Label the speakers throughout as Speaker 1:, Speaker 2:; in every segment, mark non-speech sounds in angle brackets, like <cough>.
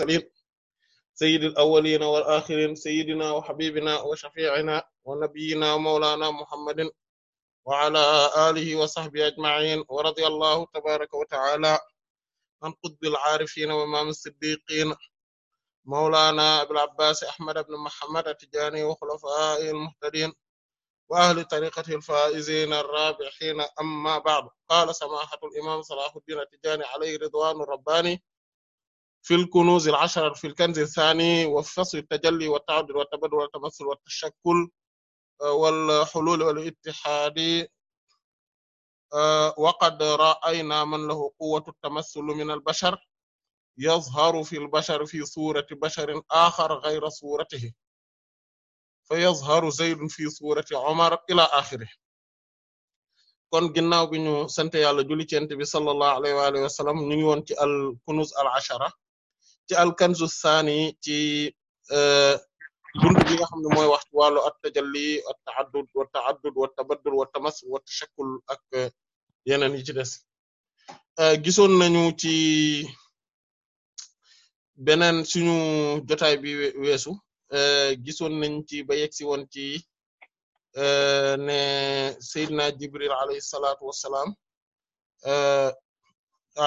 Speaker 1: المرسلين سيد الأولين والآخرين سيدنا وحبيبنا وشفيعنا ونبينا مولانا محمد وعلى آله وصحبه أجمعين ورضي الله تبارك وتعالى عن قطب العارفين وإمام الصديقين مولانا أبي العباس أحمد بن محمد التجاني وخلفائه المهتدين وأهل طريقته الفائزين الرابحين أما بعد قال سماحة الإمام صلاح الدين التجاني عليه رضوان رباني في الكنوز العشر في الكنز الثاني وفصل التجلي والتعدد والتبدل والتمثل والتشكل والحلول والاتحاد وقد رأينا من له قوة التمثل من البشر يظهر في البشر في صورة بشر آخر غير صورته فيظهر زيد في صورة عمر إلى آخره kon ginnaaw bi ñu sant yàlla julli ci Yonent bi sallallahu alayhi wa sallam ñu ngi woon ci al kunuz al ashara ci alkanzu saani ci euh, buntu bi nga xam ne mooy wax ci wàllu at-tajalli at-ta'addud wa ta'addud wa tabaddul wa tamas wa tashakkul ak euh, yeneen yi ci des euh, ci beneen suñu jotaay bi weesu gisoon nañ ci ba woon ci ne Seydina Jibril alayhi salaatu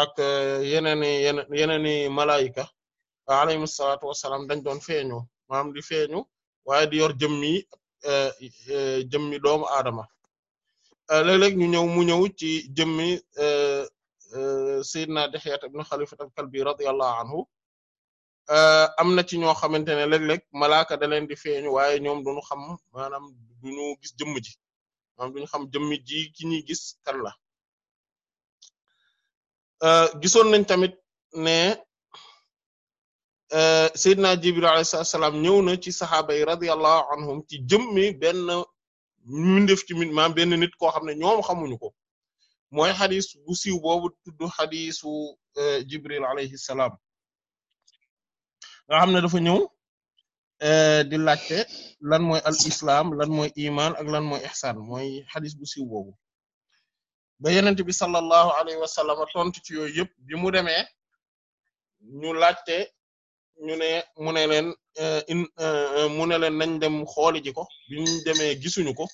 Speaker 1: ak yeneen i alayhi salaatu wassalaam dañ doon feeñoo maanaam di feeñu waaye di yor jëmmi eh, eh, jëmmi doomu aadama eh, léeg-léeg ñu ñëw mu ñëw ci jëmmi Seydina Dihya ibn Khalifa al-Kalbi radiyallahu anhu am na ci ñoo xamante ne léeg-léeg di feeñu waaye ñoom duñu xam maanaam duñu gis jëmm ji maanaam xam jëmmi ji ki ñuy gis kan tamit ne Eh, Seydina Jibril alayhi salaam ñëw na ci saxaaba yi radiyallahu anhum ci jëmmi benn def ci maanaam benn nit koo xam ne ñoom xamuñu ko mooy xadis bu siiw boobu tudd xadisu eh, Jibril alayhi salaam nga xam ne dafa ñëw eh, di laajte lan mooy al islam lan mooy iman ak lan mooy ihsan mooy xadis bu siw boobu ba yenent bi sallallahu alayhi wa sallam tontu ci yooyu yëpp bi mu demee ñu ne mu ne leen eh, in eh, mu ne leen nañ dem xooli ji ko bi ñu demee gisuñu ko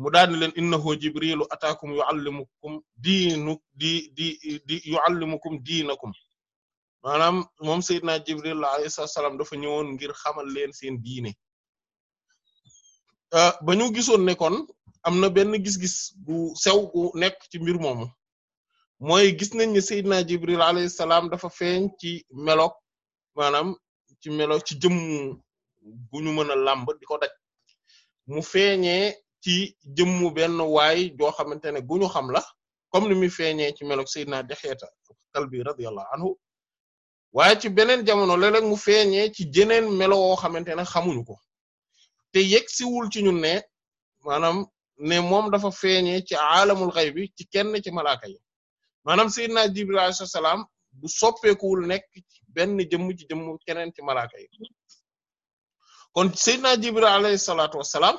Speaker 1: mu daal di leen innahu jibrilu ataakum yuallimukum diinu di di di yuallimukum diinakum maanaam moom Seydina Jibril alayhi salaam dafa ñëwoon ngir xamal leen seen diine eh, ba ñu gisoon ne kon am na benn gis-gis gu sew bu nekk ci mbir moomu mooy gis nañ ne Seydina Jibril alayhi salaam dafa feeñ ci melok maanaam ci meloog ci jëm gu ñu mën a làmb ko daj mu feeñee ci jëmmu benn waay joo xamante ne gu ñu xam la comme ni muy feeñee ci meloog Seydina Dexeeta Kalbi radiyallahu anhu waaye ci beneen jamono léeg mu feeñee ci jeneen melo woo xamante ne xamuñu ko te yegsiwul ci ñun ne maanaam ne moom dafa feeñe ci alamul xayb bi ci kenn ci malaaka yi maanaam sayyidina Jibril alayhi salaam bu soppeekuwul nekk ci benn jëmm ci jëmm keneen ci malaaka kon sayyidina Jibril alayhi salaatu wassalaam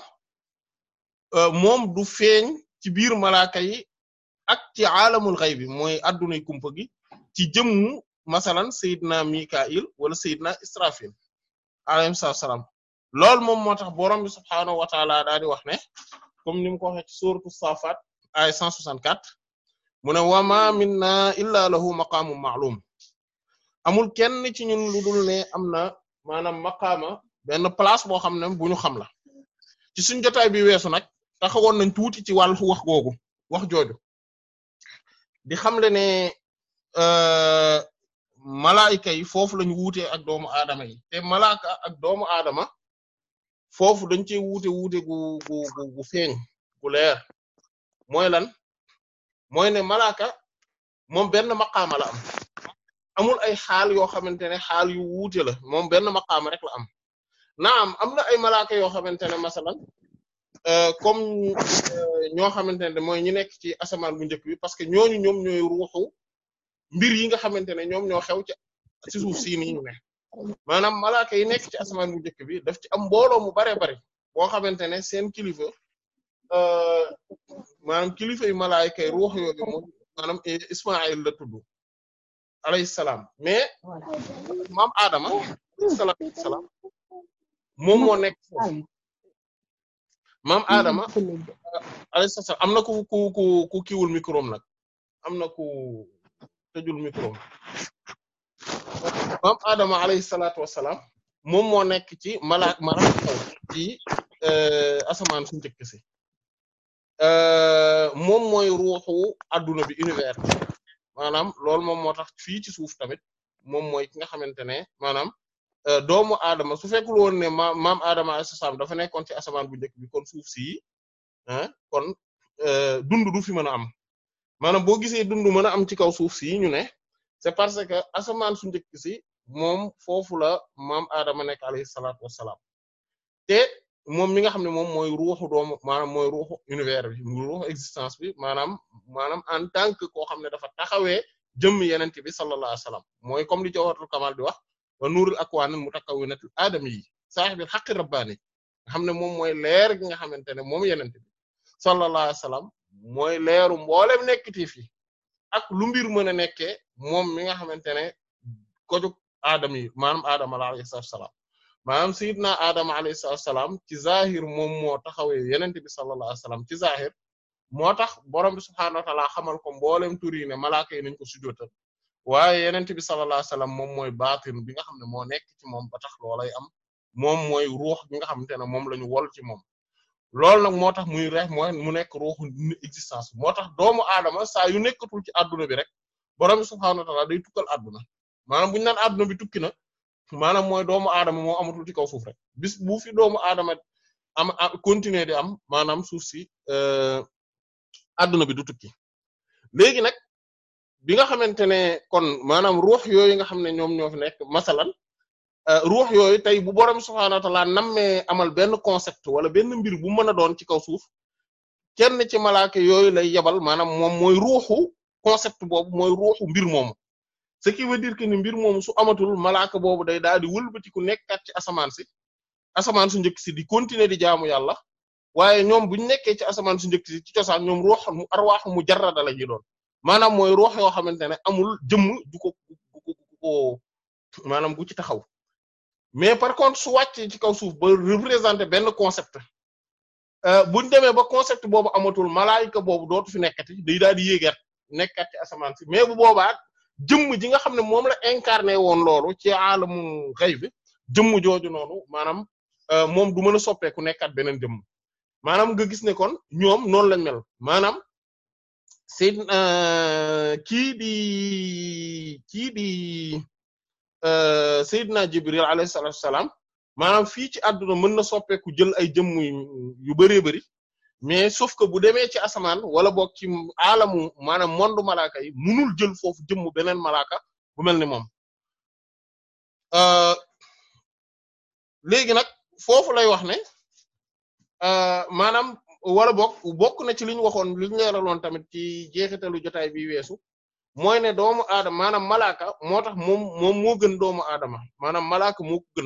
Speaker 1: euh, moom du feeñ ci biir malaaka ak ci aalamul ghaybi mooy addunay kumpa gi ci jëmmu masalan sayyidina Mika'il wala sayyidina Israfil alayhi salaam loolu moom moo tax borom bi subhaanahu wa ta'ala wax ne comme ni mu ko waxee ci sourate Safaat ay 164 mu ne wa ma minna illa lahu maqaamun ma'luum amul kenn ci ñun lu am na maanaam maqaama benn place boo xam ne bu ñu xam la ci suñ jotaay bi weesu nag taxawoon nañ tuuti ci wàllu wax googu wax jooju di xamle ne euh, malaayika yi foofu lañ wuutee ak doomu aadama yi te malaaka ak doomu aadama foofu dañ cee wuute wuute gu gu gu feeñ gu leer lan mooy ne malaaka moom benn maqaama la am amul ay xaal yoo xamante ne xaal yu wuute la moom benn maqaama rek la am naam am na ay malaaka yoo xamante ne masalan euh, comme euh, ñoo xamante ne mooy ñi nekk ci asamaan bu njëkk bi parce que ñooñu ñoom ñooy mbir yi nga xamante ne ñoom ñoo xew ci ci suuf si nii ne maanaam malaaka yi nekk ci asamaan bu njëkk bi daf ci am mbooloo mu bare bare boo xamante ne seen kilifa Euh, maanaam kilifa yu malaayika yi ruux yooyu moom maanaam Ismaayil la tudd salaam mais maam Adama alayhi salaam moom moo nekk foofu Adama alayhi salaam am na ku ku ku kiwul micro nag am na ku tëjul micro maam Adama alayhi salaatu wassalaam moom moo nekk ci mala mara ci euh, asamaan su njëkk si. Euh, moom mooy ruuxu adduna bi univers bi maanaam loolu moom moo tax fii ci suuf tamit moom mooy ki nga xamante ne maanaam euh, doomu aadama su fekkul woon ne maam maam aadama alayhi salaam dafa nekkoon ci asamaan bu njëkk bi kon suuf si ah kon euh, dund du fi mën a am maanaam boo gisee dund mën a am ci kaw suuf si ñu ne c'est parce que asamaan su njëkk si moom foofu la maam aadama nekk alayhi salaatu wassalaam te moom mi nga xam ne moom mooy ruuxu doomu maanaam mooy ruuxu univers bi ruuxu existence bi maanaam maanaam en tant koo xam ne dafa taxawee jëmm yeneen bi sallallahu alayhi wasallam mooy comme li Jawharatul Kamal di wax wa nuurul akwaan mutakawwinatul aadami yi saahibil haqqi rabbaani nga xam ne moom mooy leer gi nga xamante ne moom yeneen bi sallallahu alayhi wasallam mooy leeru mboolem nekkitif yi ak lu mbir mën a nekkee moom mi nga xamante ne ko jóg aadama yi maanaam aadama la alayhi maanaam sayyidna Adama alayhi salaam ci zahir moom moo taxawee yonent bi sallallahu alayhi salaam ci zahir moo tax borom bi subhaanahu wa ta'ala xamal ko mboolem tur yi ne malaaka yi nañ ko sujootal waaye yonent bi sallallahu alayhi wasallam moom mooy bi nga xam ne moo nekk ci moom ba tax loolay am moom mooy ruux bi nga xamante ne moom la ñu wol ci moom. loolu nag moo tax muy rek mooy mu nekk ruuxu existence bi moo tax doomu aadama saa yu nekkatul ci adduna bi rek borom bi subhaanahu wa ta'ala day tukkal adduna maanaam tukki na. maanaam mooy doomu aadama moo amatul ci kaw suuf rek bis bu fi doomu aadama am continuer di am maanaam suuf si adduna euh, bi du tukki léegi nag bi nga xamante ne kon maanaam ruux yooyu nga xam ne ñoom ñoo fi nekk masalan euh, ruux yooyu tey bu borom subhaanahu wa ta'aala nammee amal benn concept wala benn mbir bu mën a doon ci kaw suuf kenn ci malaaka yooyu lay yebal maanaam moom mooy ruuxu concept boobu mooy ruuxu mbir moomu ce qui veut dire que ni mbir moomu su amatul malaaka boobu day daal di wëlbatiku nekkaat ci asamaan si asamaan su njëkk si di continuer di jaamu yàlla waaye ñoom buñ nekkee ci asamaan su njëkk si ci cosaan ñoom ruux mu arwaax mu jarrada la ñuy doon maanaam mooy ruux yoo xamante ne amul jëmm du ko gu ko maanaam gu ci taxaw mais par contre su wàccee ci kaw suuf ba représenter benn concept euh, buñ demee ba concept boobu amatul malaayika boobu dootu fi nekkati day daal di yéegaat nekkaat ci asamaan si boobaa jëmm ji nga xam ne moom la incarné woon loolu ci alamu xëy bi jëmm jooju noonu maanaam euh, moom du mën a soppeeku nekkaat beneen jëmm maanaam nga gis ne kon ñoom noonu lañ mel maanaam c'est euh, kii di kii di euh, Seydina Jibril alayhi salaatu wa salaam maanaam fii ci àdduna mën na soppeeku jël ay jëmm yu bëree bëri mais sauf que bu demee ci asamaan wala boog ci alamu maanaam monde malaaka yi munul jël foofu jëmm beneen malaaka bu mel ni moom euh, léegi nag foofu lay wax ne euh, maanaam wala boog bokk na ci li ñu waxoon li ñu tamit ci jeexitalu jotaay bi weesu mooy ne doomu aadama maanaam malaaka moo tax moom moom moo gën doomu aadama maanaam malaaka moo ko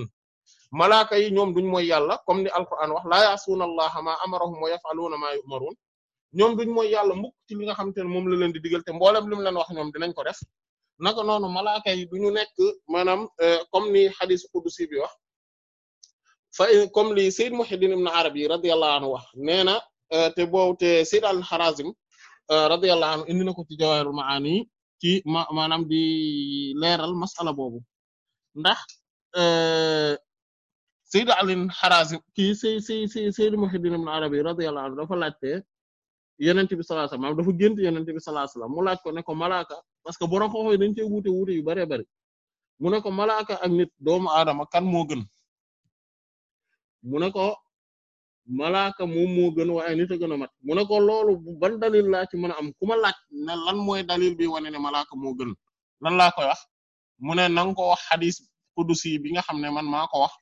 Speaker 1: malaaka yi ñoom duñ mooy yàlla comme ni alquran wax laa yaasuuna allaha ma amarahum wa yaf'aluuna ma yu'maruun ñoom duñ mooy yàlla mukk ci li nga xamante ne moom la leen di digal te mboolem li mu leen wax ñoom dinañ ko def naka noonu malaaka yi duñu nekk maanaam euh, comme ni xadis qudsi bi wax fa comme li Sayyid Muhiddin ibn Arabi radiyallahu anhu wax nee na euh, te boobu te Sayyid al-Harazim euh, radiyallahu anhu indi na ko an Jawahirul Maani ci maanaam bi leeral masala boobu ndax Sayyid Ali Harazim kii Sey Sey Sey Sayyid Muhyiddin Ibn Arabi radiyallahu anhu dafa laajte Yonent bi sallallahu alayhi wasallam dafa gént Yonent bi sallallahu alayhi wasallam mu laaj ko ne ko malaaka parce que borom xooxoy dañ cee wuute wuute yu bare bare mu ne ko malaaka ak nit doomu aadama kan moo gën mu ne ko malaaka moom moo gën a gën a mat mu ne ko loolu ban dalil laa ci mën a am ku ma laaj ne lan mooy dalil bi wane ne malaaka moo gën lan laa koy wax mu ne ko wax xadis kudusi bi nga xam ne man maa ko wax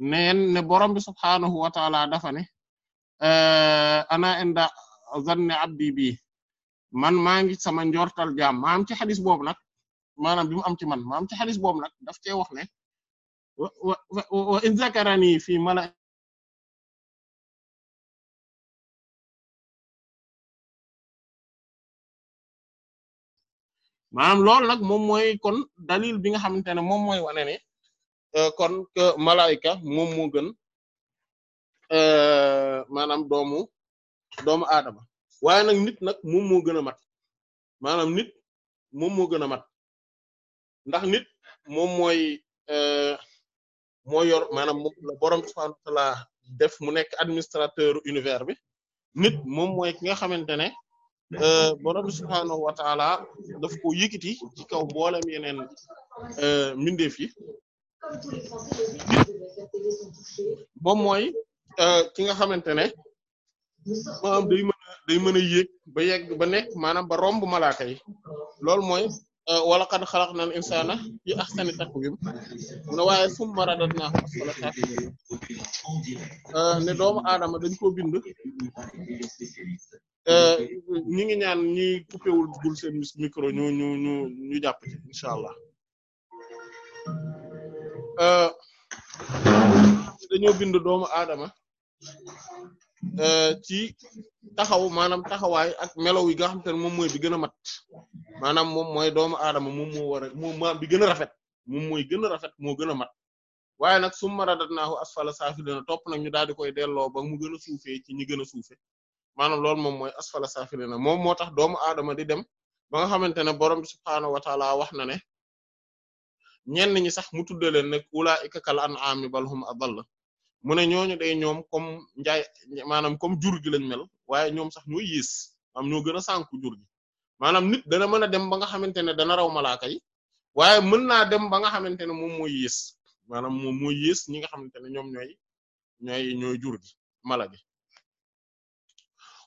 Speaker 1: neen ne borom bi subhaanahu wa taala dafa ne eh, inda zanne abdi bi man maa ngi sama njortal jaam maam ci xadis boobu nag maanaam bi am ci man maam ci xadis boobu nag daf cee
Speaker 2: wax ne wa wa in zakarani fii mala maanaam loolu nag moom mooy kon dalil bi nga xamante ne moom mooy
Speaker 1: wane Euh, kon malayka moom moo gën euh, maanaam doomu doomu aadama waaye nag nit nag moom moo gën a mat maanaam nit moom moo gën a mat ndax nit moom mooy euh, moo yor maanaam moom borom subhaanahu def mu nekk administrateur univers bi nit moom mooy ki nga xamante ne borom subhaanahu wa daf ko yëkkati ci kaw mboolem yeneen mbindeef mindefi moom mooy euh, ki nga xamante ne maanaam day mën a day ba yegg ba nekk maanaam ba romb malaaka yi loolu mooy euh, wala qad xalaqnal insaana fi ahsani taqwiim mu ne waaye summa radadnaahu asfala saafiliin euh, ne doomu aadama dañ ko bind ñi ngi ñaan ñi coupéwul gul seen micro ñu ñu ñu ñu jàpp allah Euh, dañoo bind doomu aadama euh, ci taxaw maanaam taxawaay ak melaw yi nga xam te ne moom mooy bi gën a mat maanaam moom mooy doomu aadama moom moo war a moom maam bi gën a rafet moom mooy gën a rafet moo gën a mat waaye nag summa radadnaahu asfala saafilina topp nag ñu daal di koy delloo ba mu gën a ci ñi gën a suufe maanaam loolu moom mooy asfala saafilina moom moo tax doomu aadama di dem ba nga xamante ne borom bi subhaanahu wax na ne ñenn ñi sax mu tudde leen nag ulaa'ika kal an'aami bal a adall mu ne ñooñu day ñoom comme njaay maanaam comme jur gi lañ mel waaye ñoom sax ñoo yées am ñoo gën a sànku jur gi maanaam nit dana mën a dem ba nga xamante ne dana raw malaaka yi waaye mën naa dem ba nga xamante ne moom mooy yées maanaam moom mooy yées ñi nga xamante ne ñoom ñooy ñooy ñooy jur gi mala gi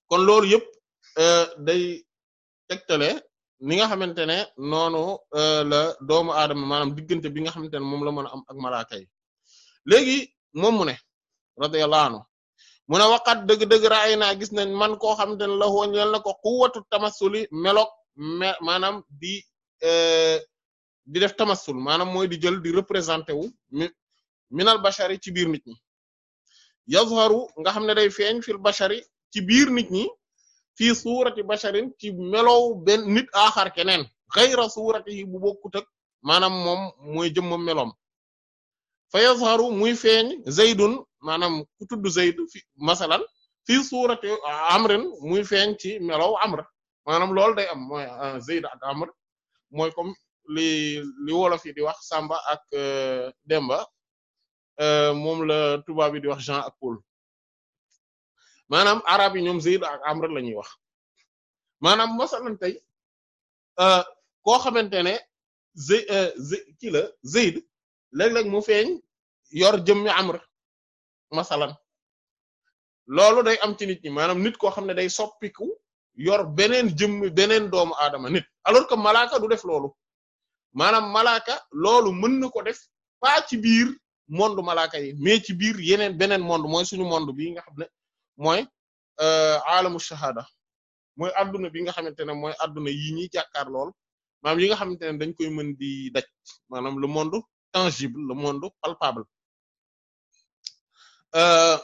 Speaker 1: kon loolu yëpp euh, day tegtale ni nga xamante ne noonu euh, la doomu aadama maanaam diggante bi nga xamante ne moom la mën a am ak malaaka yi léegi moom mu ne radiyallahu mu ne waqat dëgg-dëgg naa gis nañ man koo xamante ne la wóññeel na ko quwwatu tamassuli melok me maanaam di euh, di def tamassul maanaam mooy di jël di représenter wu minal bashari ci biir nit ñi nga xam ne day feeñ fil bashari ci biir nit ñi fii suurati basharin ci melow benn nit aaxar keneen xayra suuratihi bu bokkut ak maanaam moom mooy jëmmam meloom fa yazharu muy feeñ zaydun maanaam ku tudd zayd fi masalan fii suurati amrin muy feeñ ci melow amr maanaam loolu day am mooy ah, zayd ak amr mooy comme li li wolof yi di wax Samba ak euh, Demba euh, moom la tubaab yi di wax Jean ak Paul maanaam arab yi ñoom Zayd ak Amr la ñuy wax maanaam masalan tey
Speaker 2: euh, koo xamante ne Zay euh, ki la Zayd léeg-léeg mu feeñ yor jëmmi Amr masalan
Speaker 1: loolu day am ci nit ñi maanaam nit koo xam ne day soppiku yor benen jëmmi beneen doomu aadama nit alors que malaaka du def loolu maanaam malaaka loolu mën na ko def pas ci biir monde malaaka yi mais ci biir yeneen beneen monde mooy suñu monde bii nga xam ne. mooy euh, alamu shahada mooy adduna bi nga xamante ne mooy adduna yi ñuy jàkkaar lool maanaam yi nga xamante ne dañ koy mën di daj maanaam le monde tangible le monde palpable euh,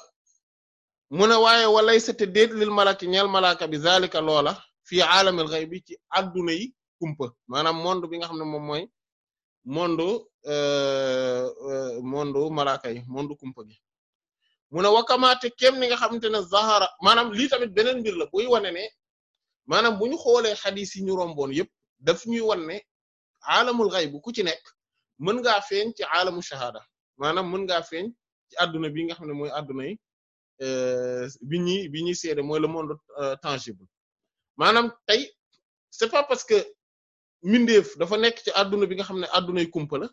Speaker 1: mu ne waaye walaysa te déet lil malaki ñeel malaka bi zalika loola fii aalamil ghaybi ci adduna yi kumpa maanaam mondo bi nga xam ne moom mooy monde euh, mondo malaka yi monde gi mu ne wakamaate kem ni nga xamante ne zahara maanaam lii tamit beneen mbir la buy wane ne maanaam bu ñu xoolee xadis yi ñu romboon yëpp daf ñuy wan ne aalamul xayb ku ci nekk mën ngaa feeñ ci aalamu shahada maanaam mën ngaa feeñ ci adduna bi nga xam ne mooy adduna yi euh, bi ñuy bi ñuy seede mooy le monde euh, tangible maanaam tey c'est pas parce que mindeef dafa nekk ci adduna bi nga xam ne addunay kumpa la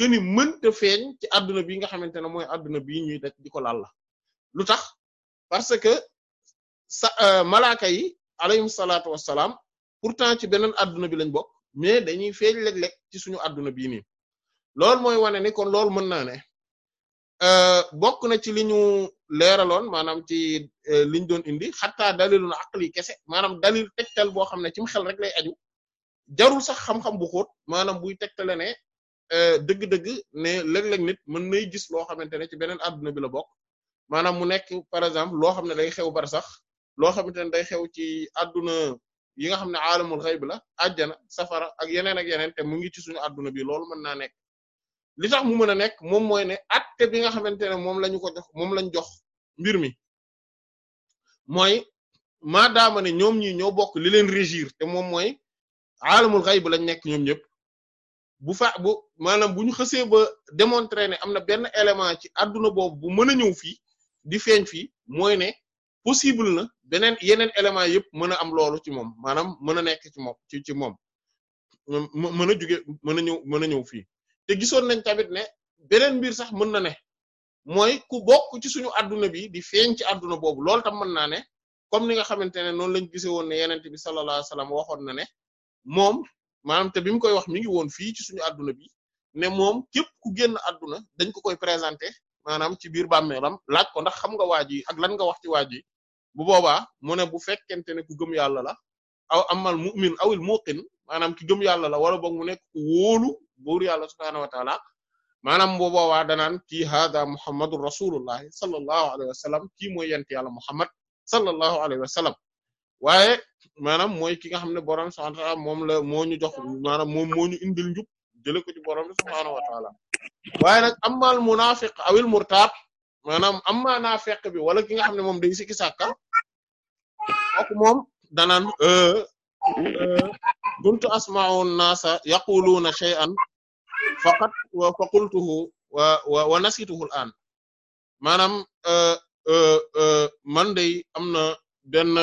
Speaker 1: que ni mënta feeñ ci adduna bi nga xamante ne mooy adduna bii ñuy def di ko laal la lu tax parce que sa euh, malaaka yi alayhim salaatu wassalaam pourtant ci beneen adduna bi lañ bokk mais dañuy feeñ léeg-léeg ci suñu adduna bii nii loolu mooy wane ni kon loolu mën naa ne euh, bokk na ci li ñu leeraloon maanaam ci euh, liñ doon indi xataa dalilun aqli kese maanaam dalil tegtal boo xam ne ci xel rek lay aju jarul sax xam-xam bu xóot maanaam buy tegtale ne e dëgg-dëgg ne léeg-léeg nit mën nay gis loo xamante ne ci beneen adduna bi la bokk maanaam mu nekk par exemple loo xam ne day xew bar sax loo xamante ne day xew ci adduna yi nga xam ne xay xayb la ajjana safara ak yeneen ak yeneen te mu ngi ci suñu adduna bi loolu mën naa nekk li sax mu mën a nekk moom mooy ne atte bi nga xamante ne moom lañu ko jox moom lañ jox mbir mi mooy maadaama ne ñoom ñi ñoo bokk li leen régir te moom mooy aalamul xayb lañ nekk ñoom ñëpp bu fa bu maanaam bu ñu xësee ba démontrer ne am na benn élément ci adduna boobu bu mën a ñëw fii di feeñ fii mooy ne possible na beneen yeneen élément yëpp mën a am loolu ci moom maanaam mën a nekk ci moom ci ci moom mën a jóge mën a ñëw mën a ñëw fii te gisoon nañ tamit ne beneen mbir sax mën na ne mooy ku bokk ci suñu adduna bi di feeñ ci adduna boobu loolu tam mën naa ne comme ni ga xamante ne noonu lañ gisee woon ne yeneen bi sallallahu alayhi wasallam waxoon na ne moom maanaam te bi mu koy wax mi ngi woon fii ci suñu adduna bi ne moom képp ku génn adduna dañ ko koy présenter maanaam ci biir bàmmeelam laaj ko ndax xam nga waa ji ak lan nga wax ci waa ji bu boobaa mu ne bu fekkente ne ku gëm yàlla la aw amal mu'min awil muqin maanaam ki gëm yàlla la wala boog mu nekk ku wóolu buur yàlla subhaanahu wa taala maanaam bu boobaa danaan kii haada muhammadur rasulullahi sallallahu alayhi wa sallam kii mooy yent yàlla muhammad sallallahu alayhi wa sallam waaye maanaam mooy ki nga xam ne borom subhaanahu wa ta'aala moom la moo ñu jox maanaam moom moo ñu indil njub jëlee ko ci borom wa ta'aala waaye nag amal munaafiq awil murtaab maanaam amma naafeq bi wala ki nga xam ne moom day sikki sàkka kooku moom danaan kuntu asma'u an-naasa yaquluuna shay'an faqat am na benn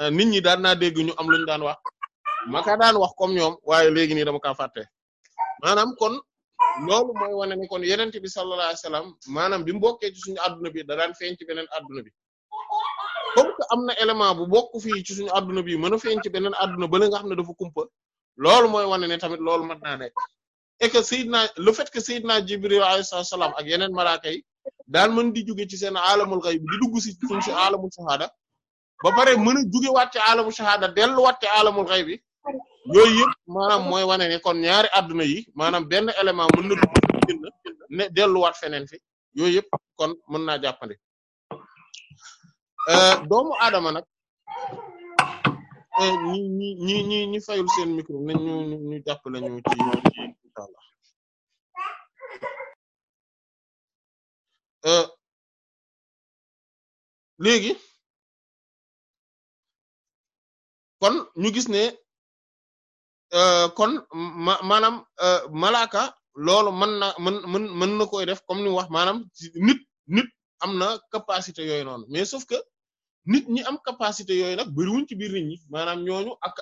Speaker 1: Euh, nit ñi daan naa dégg ñu am lu ñu daan wax maka daan wax comme ñoom waaye léegi nii dama ka fàtte maanaam kon loolu mooy wane ni kon yeneen bi sallallahu alayhi wasallam maanaam bi mu bokkee ci suñu adduna bi da daan ci beneen aduna bi comme am na élément bu bokk fii ci suñu adduna bi mën a feeñ ci beneen adduna ba la nga xam ne dafa kumpa lool mooy wane ne tamit loolu mat naa nekk et que Seydina le fait que Seydina Jibril alayhi salaam ak yeneen malaaka yi daan mën di jóge ci seen alamul ghayb di dugg si suñ si alamul shahada ba pare mën a jugewaat ci alamu shahada delluwaat ci alamul xay bi yooyu yëpp maanaam mooy wane ne kon ñaari adduna yi maanaam benn élément mën na dugg ne delluwaat feneen fi yooyu yëpp kon mën naa jàppandi euh, doomu aadama nag euh, ñi ñi
Speaker 2: ñi ñi ñi fayul seen micro nañ ñu ñu jàppale ñu ci incha euh, léegi. kon ñu gis ne euh, kon ma maanaam euh, malaaka
Speaker 1: loolu mën na mën mën mën na koy def comme ni wax maanaam nit nit am na capacité yooyu noonu mais sauf que nit ñi am capacité yooyu nag bariwuñ ci biir nit ñi maanaam ñooñu ak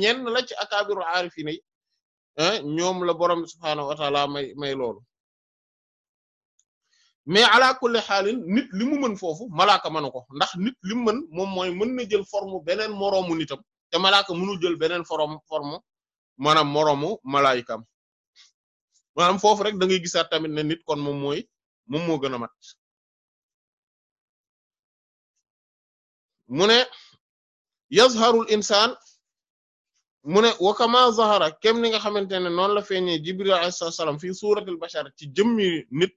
Speaker 1: ñenn la ci akaabiru aarifiina yi ñoom la borom subhaanahu may may loolu mais ala kulli nit li mu mën foofu malaaka mënu ko ndax nit li mu mën moom mooy mën na jël forme beneen moroomu nitam te malaaka mënul jël beneen forom forme maanaam moromu malaykam maanaam foofu
Speaker 2: rek da ngay gisaat tamit ne nit kon moom mooy moom moo gën a mat mu ne yazharul insaan
Speaker 1: mu ne wa kama zahara kem ni nga xamante ne noonu la feeñee jibril alayhi salaam fi suuratul bashar ci jëmmi nit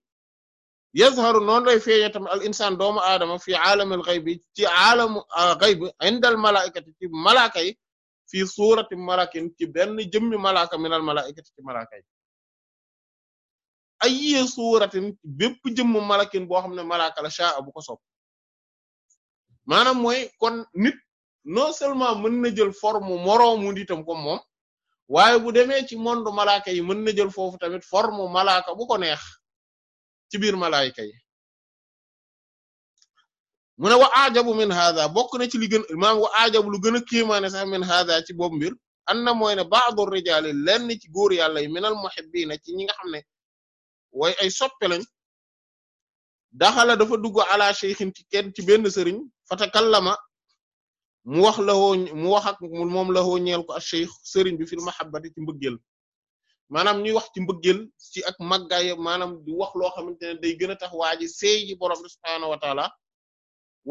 Speaker 1: yazharu noonu lay feeñee tamit al insaan doomu aadama fi aalamil ghaybi ci aalamu ah, ghayb indal malaa'ikati ci malaaka yi fii suurati malakin ci benn jëmmi malaaka minal malaa'ikati ci malaaka yi ay suuratin bépp jëmm malakin boo xam ne malaaka la shaa bu ko sopp maanaam mooy kon nit non seulement mën na jël forme moroomu nitam comme moom waaye bu demee ci monde malaaka yi mën na jël foofu tamit forme malaaka bu neex ci biir malaayika yi mu ne wa ajabu min hadha bokk na ci li gën maam wa ajabu lu gën a kéemaane sax min hadha ci boobu mbir an na mooy ne ba'du rijaali lenn ci góor yàlla yi minal ci ñi nga xam ne way ay soppe lañ daxala dafa dugg ala shaykhin ci kenn ci benn sëriñ fatakallama mu wax la mu wax ak moom la woo ñeel ko ak shaykh sëriñ bi fil mahabbati ci mbëggeel maanaam ñuy wax ci mbëggeel ci ak màggaay maanaam di wax loo xamante ne day gën a tax waa ji seey ji borom bi subhaanahu wa taala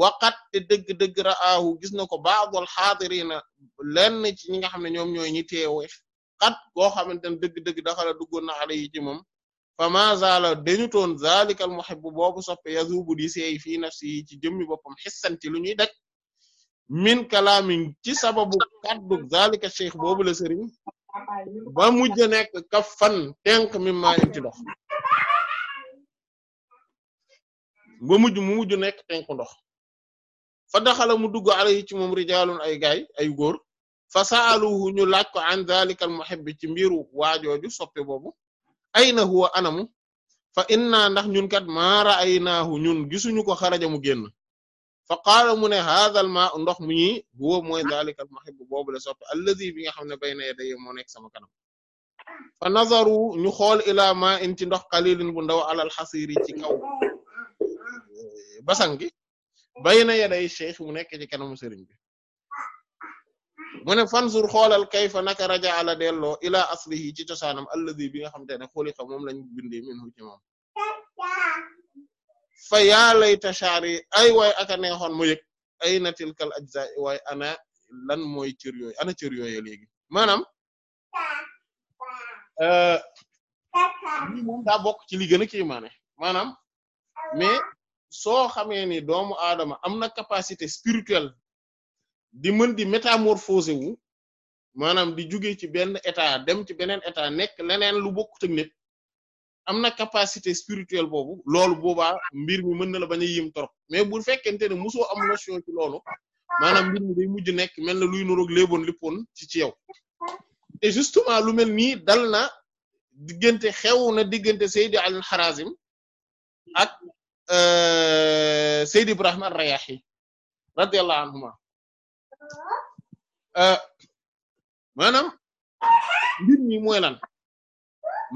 Speaker 1: waqat te dëgg-dëgg ra'aahu gis na ko ba'dul xaadirina lenn ci ñi nga xam ne ñoom ñooy ñi teewe xat boo xamante ne dëgg-dëgg dafa la duggoon na ala yi ci moom fa ma zaala dañu toon zaalikal muhibbu boobu soppe yazubu di seey fii nafsi yi ci jëm jëmmi boppam xissanti lu ñuy daj min kalaamin ci sababu kaddu zaalika cheikh boobu la sëriñ ba mujj nekk ka fan tenk mi maayin ci ndox ba mujj mu mujj nekk tenk ndox fa daxala mu dugg alayhi ci mom rijaalun ay gaay ay góor fa saaluhu ñu laaj ko an zalika al muhibb ci mbiru waajooju soppe boobu ayna huwa anamu fa inna ndax ñun kat ma ra'aynaahu ñun gisuñu ko xaraja mu génn fa qaala mu ne hadha ma ndox mu ñi huwa mooy dhalika al muhibb boobu la soppe allazi bi nga xam ne bayna yaday moo nekk sama kanam fa nazaru ñu xool ilaa ma in ci ndox qalilin bu ndaw alal xasiri ci kaw eh, basan gi bayna yaday cheikh mu nekk ci kanamu sëriñ bi mu ne fanzur xoolal kayfa naka raja ala delloo ilaa aslihi ci cosaanam allazi bi nga xam te ne xuliqa moom lañ bindee min ci moom fa ya layta sha'ri ay waay aka neexoon mu ay na tilkal ajza waay ana lan mooy cër yooyu ana cër yooyu léegi maanaam lii moom daa bokk ci li gën a kii maane maanaam mais soo xamee ni doomu aadama am na capacité spirituelle di mën di métamorphosé wu maanaam di jóge ci benn état dem ci beneen état nekk leneen lu bokk am na capacité spirituelle boobu loolu boobaa mbir mi mën na la bañ a yéem trop mais bu fekkente ne mosoo am notion ci loolu maanaam mbir mi day mujj nekk mel na luy nuroog léeboon lippoon ci ci yow te justement lu mel nii dal na diggante xew na diggante Seydi Al Harazim ak euh, Seydi Ibrahim
Speaker 2: Ar-Rayahi radiyallahu anhuma euh, maanaam mbir mi mooy lan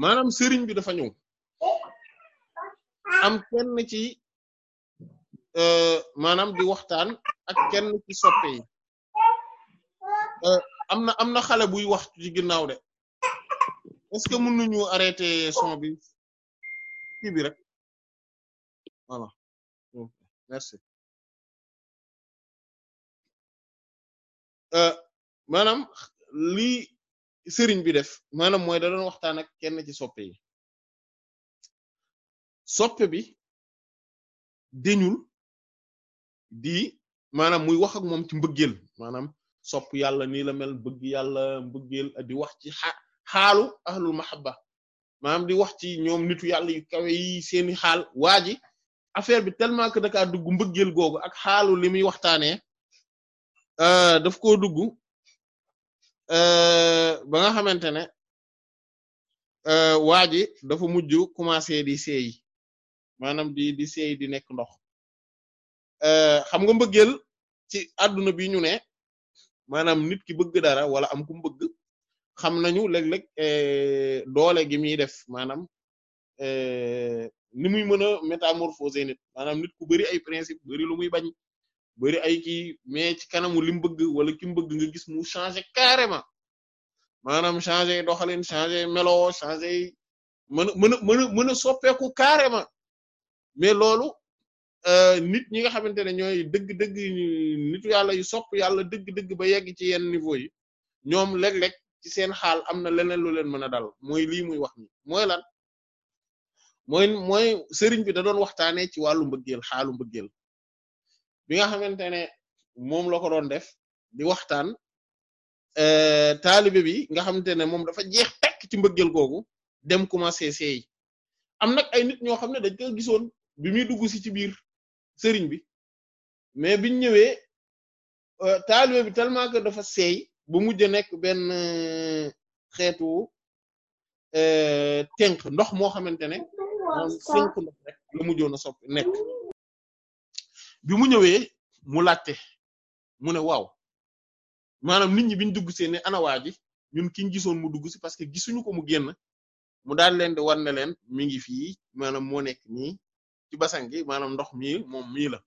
Speaker 2: maanaam sëriñ bi dafa ñëw am kenn ci euh,
Speaker 1: maanaam di waxtaan ak kenn ci soppe yi euh, am na
Speaker 2: am na xale buy wax ci ginnaaw de est-ce que mën nañu arrêter son bi kii bi rek voilà merci euh, maanaam lii sëriñ bi def maanaam mooy da doon waxtaan ak kenn ci soppe yi sop bi deñul di maanaam muy wax ak moom ci mbëggeel maanaam sopp yàlla nii la mel bëgg
Speaker 1: yàlla mbëggeel di wax ci xaalu ahlul mahabba maanaam di wax ci ñoom nitu yàlla yu kawe yi seeni xaal waa ji affaire bi tellement que dakaa dugg mbëggeel googu ak xaalu li muy waxtaanee euh, daf koo dugg euh, ba nga xamante ne euh, waa ji dafa mujj commencé di seey maanaam di di seey di nekk ndox euh, xam nga mbëggeel ci adduna bi ñu ne maanaam nit ki bëgg dara wala am ku bëgg xam nañu léeg-léeg euh, doole gi muy def maanaam euh, ni muy mën a métamorphoser nit maanaam nit ku bëri ay principe bari lu muy bañ bëri ay kii mais ci kanamu li bëgg wala ki mu bëgg nga gis mu changer carrément maanaam changer doxalin changer melo changer mën a mën a mën a mën a soppeeku carrément. mais loolu euh, nit ñi nga xamante ne ñooy dëgg-dëgg nitu yàlla yu sopp yàlla dëgg-dëgg ba yegg ci yenn niveau yi ñoom léeg-léeg ci seen xaal am na leneen lu leen mën a dal mooy lii muy wax ni mooy lan mooy sëriñ bi da doon waxtaanee ci wàllu mbëggeel xaalu mbëggeel bi nga xamante ne moom la ko doon def di waxtaan euh, taalibe bi nga xamante ne moom dafa jeex tekk ci mbëggeel googu dem commencé seey am nag ay nit ñoo xam ne dañ ko gisoon bi muy dugg si ci biir sëriñ bi mais biñ ñëwee euh, taalibe bi tellement que dafa seey ba mujj nekk benn euh, xeetu euh, tenk ndox moo xamante ne moom ndox rek la mujjoon a soppi nekk bi mu ñëwee mu laajte mu ne waaw maanaam nit ñi biñ dugg see ne ana waa ji ñun kiñ gisoon mu dugg si parce que gisuñu ko mu génn mu daal leen di war ne leen mi ngi fii maanaam moo nekk nii ci bassin gi maanaam ndox mii moom mii la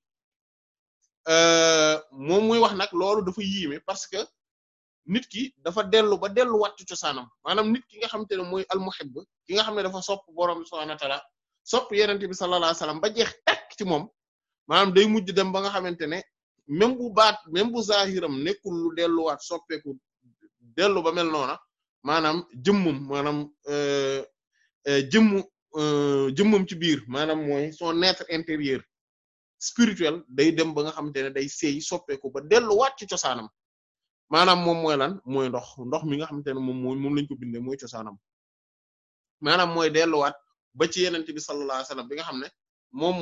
Speaker 1: euh, moom muy wax nag loolu dafa yéeme parce que nit ki dafa dellu ba delluwaat ci cosaanam maanaam nit ki nga xamante ne mooy almuhib ki nga xam ne dafa sopp borom subhaanahu wa ta'aala sopp yonent bi sallallahu alayhi wasallam ba jeex takk ci moom maanaam day mujj dem ba nga xamante ne même bu baat même bu zahiram nekkul lu delluwaat soppeeku dellu ba mel noona maanaam jëmmum maanaam euh, euh, jëmmu Euh, jëmmam ci biir maanaam mooy son être intérieur spirituel day dem ba nga xamante ne day seey soppeeku ba delluwaat ci cosaanam maanaam moom mooy lan mooy ndox ndox mi nga xamante ne moom mooy moom lañ ko bindee mooy cosaanam maanaam mooy delluwaat ba ci yenente bi sallallahu alayhi wasallam bi nga xam ne moom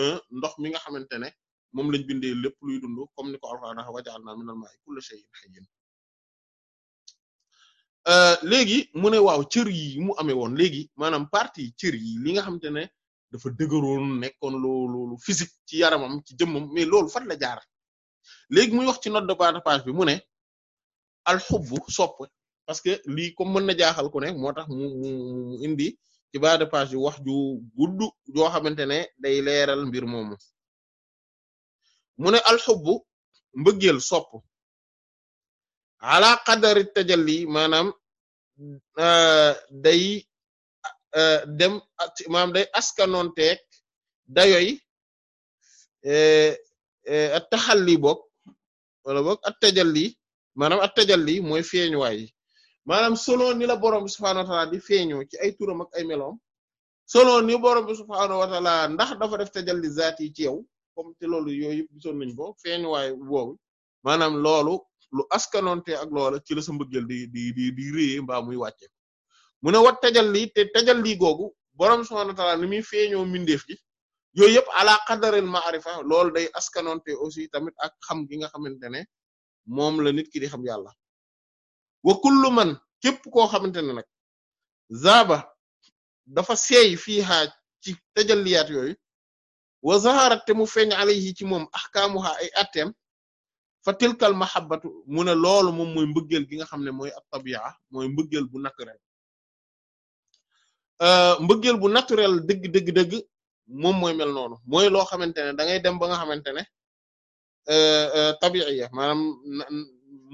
Speaker 1: euh, ndox mi nga xamante ne moom lañ bindee lépp luy dund comme ni ko alxuraan wax waja'alna minal ma'i kulla shay'in hayyin Euh, léegi mu ne waaw cër yi mu amee woon léegi maanaam partie cër yi li nga xamante ne dafa dëgëroon nekkoon loolu physique ci yaramam ci jëmmam mais loolu fan la jaar léegi muy wax ci not de bas de page bi mu ne alxubbu sopp parce que lii comme mën na jaaxal ku ne moo tax mu mu indi ci bas de page wax ju gudd joo xamante ne day leeral mbir moomu mu ne alxubbu mbëggeel sopp ala qadari tajalli maanaam euh, day euh, dem maanaam da yoy e at taxalli bok wala boog at tajalli maanaam at tajalli mooy feeñuwaay yi maanaam solo ni la borom subhaanahu wa ta'aala di feeñoo ci ay turam ak ay meloom solo ni borom subhaanahu wa ta'aala ndax dafa def tajalli zaati ci yow comme te lolu yooyu yëpp gisoon nañu ko feeñuwaay boobu maanaam loolu. lu askanoonte ak loola ci la sa di di di di réyee mbaa muy wàcce mu ne wat tajal lii te tajal lii googu boroom subhanahu wa ta'ala ni muy feeñoo mindeef gi yooyu yëpp ala qadaril ma'rifa day askanoonte aussi tamit ak xam gi nga xamante ne moom la nit ki xam yàlla wa kullu man képp koo xamante ne nag zaaba dafa seey fii haa ci wa zaharat te mu feeñ alayhi ci moom ahkaamuha ay atteem fa tilkal mahabbatu mu ne loolu moom mooy mbëggeel gi nga xam ne mooy at tabi'a mooy mbëggeel bu naturel euh, mbëggeel bu naturel dëgg dëgg dëgg moom mooy mel noonu mooy loo xamante ne da ngay dem ba nga xamante ne euh, euh, tabi'iya maanaam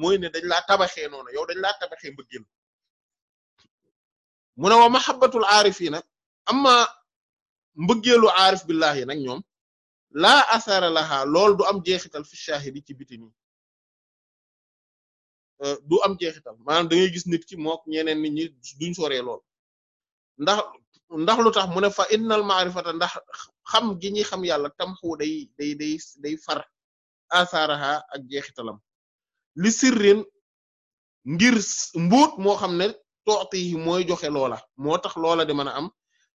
Speaker 1: mooy ne dañ laa tabaxee noonu yow dañ la tabaxee mbëggeel mu ne wa mahabbatul aarifina
Speaker 2: amma mbëggeelu aarif billahi nag ñoom laa asara lool du am jeexital fi shahidi ci biti Euh, du am jeexital maanaam da ngay gis nit ki mook ñeneen ni ñi duñ soree ndax
Speaker 1: ndax lu tax mu ne fa innal ma'rifata ndax xam gi ñuy xam yàlla tam xu day day day day far asaraha ak jeexitalam li sirrin ngir mbuut moo xam ne tooti yi mooy joxe loola moo tax loola di mën a am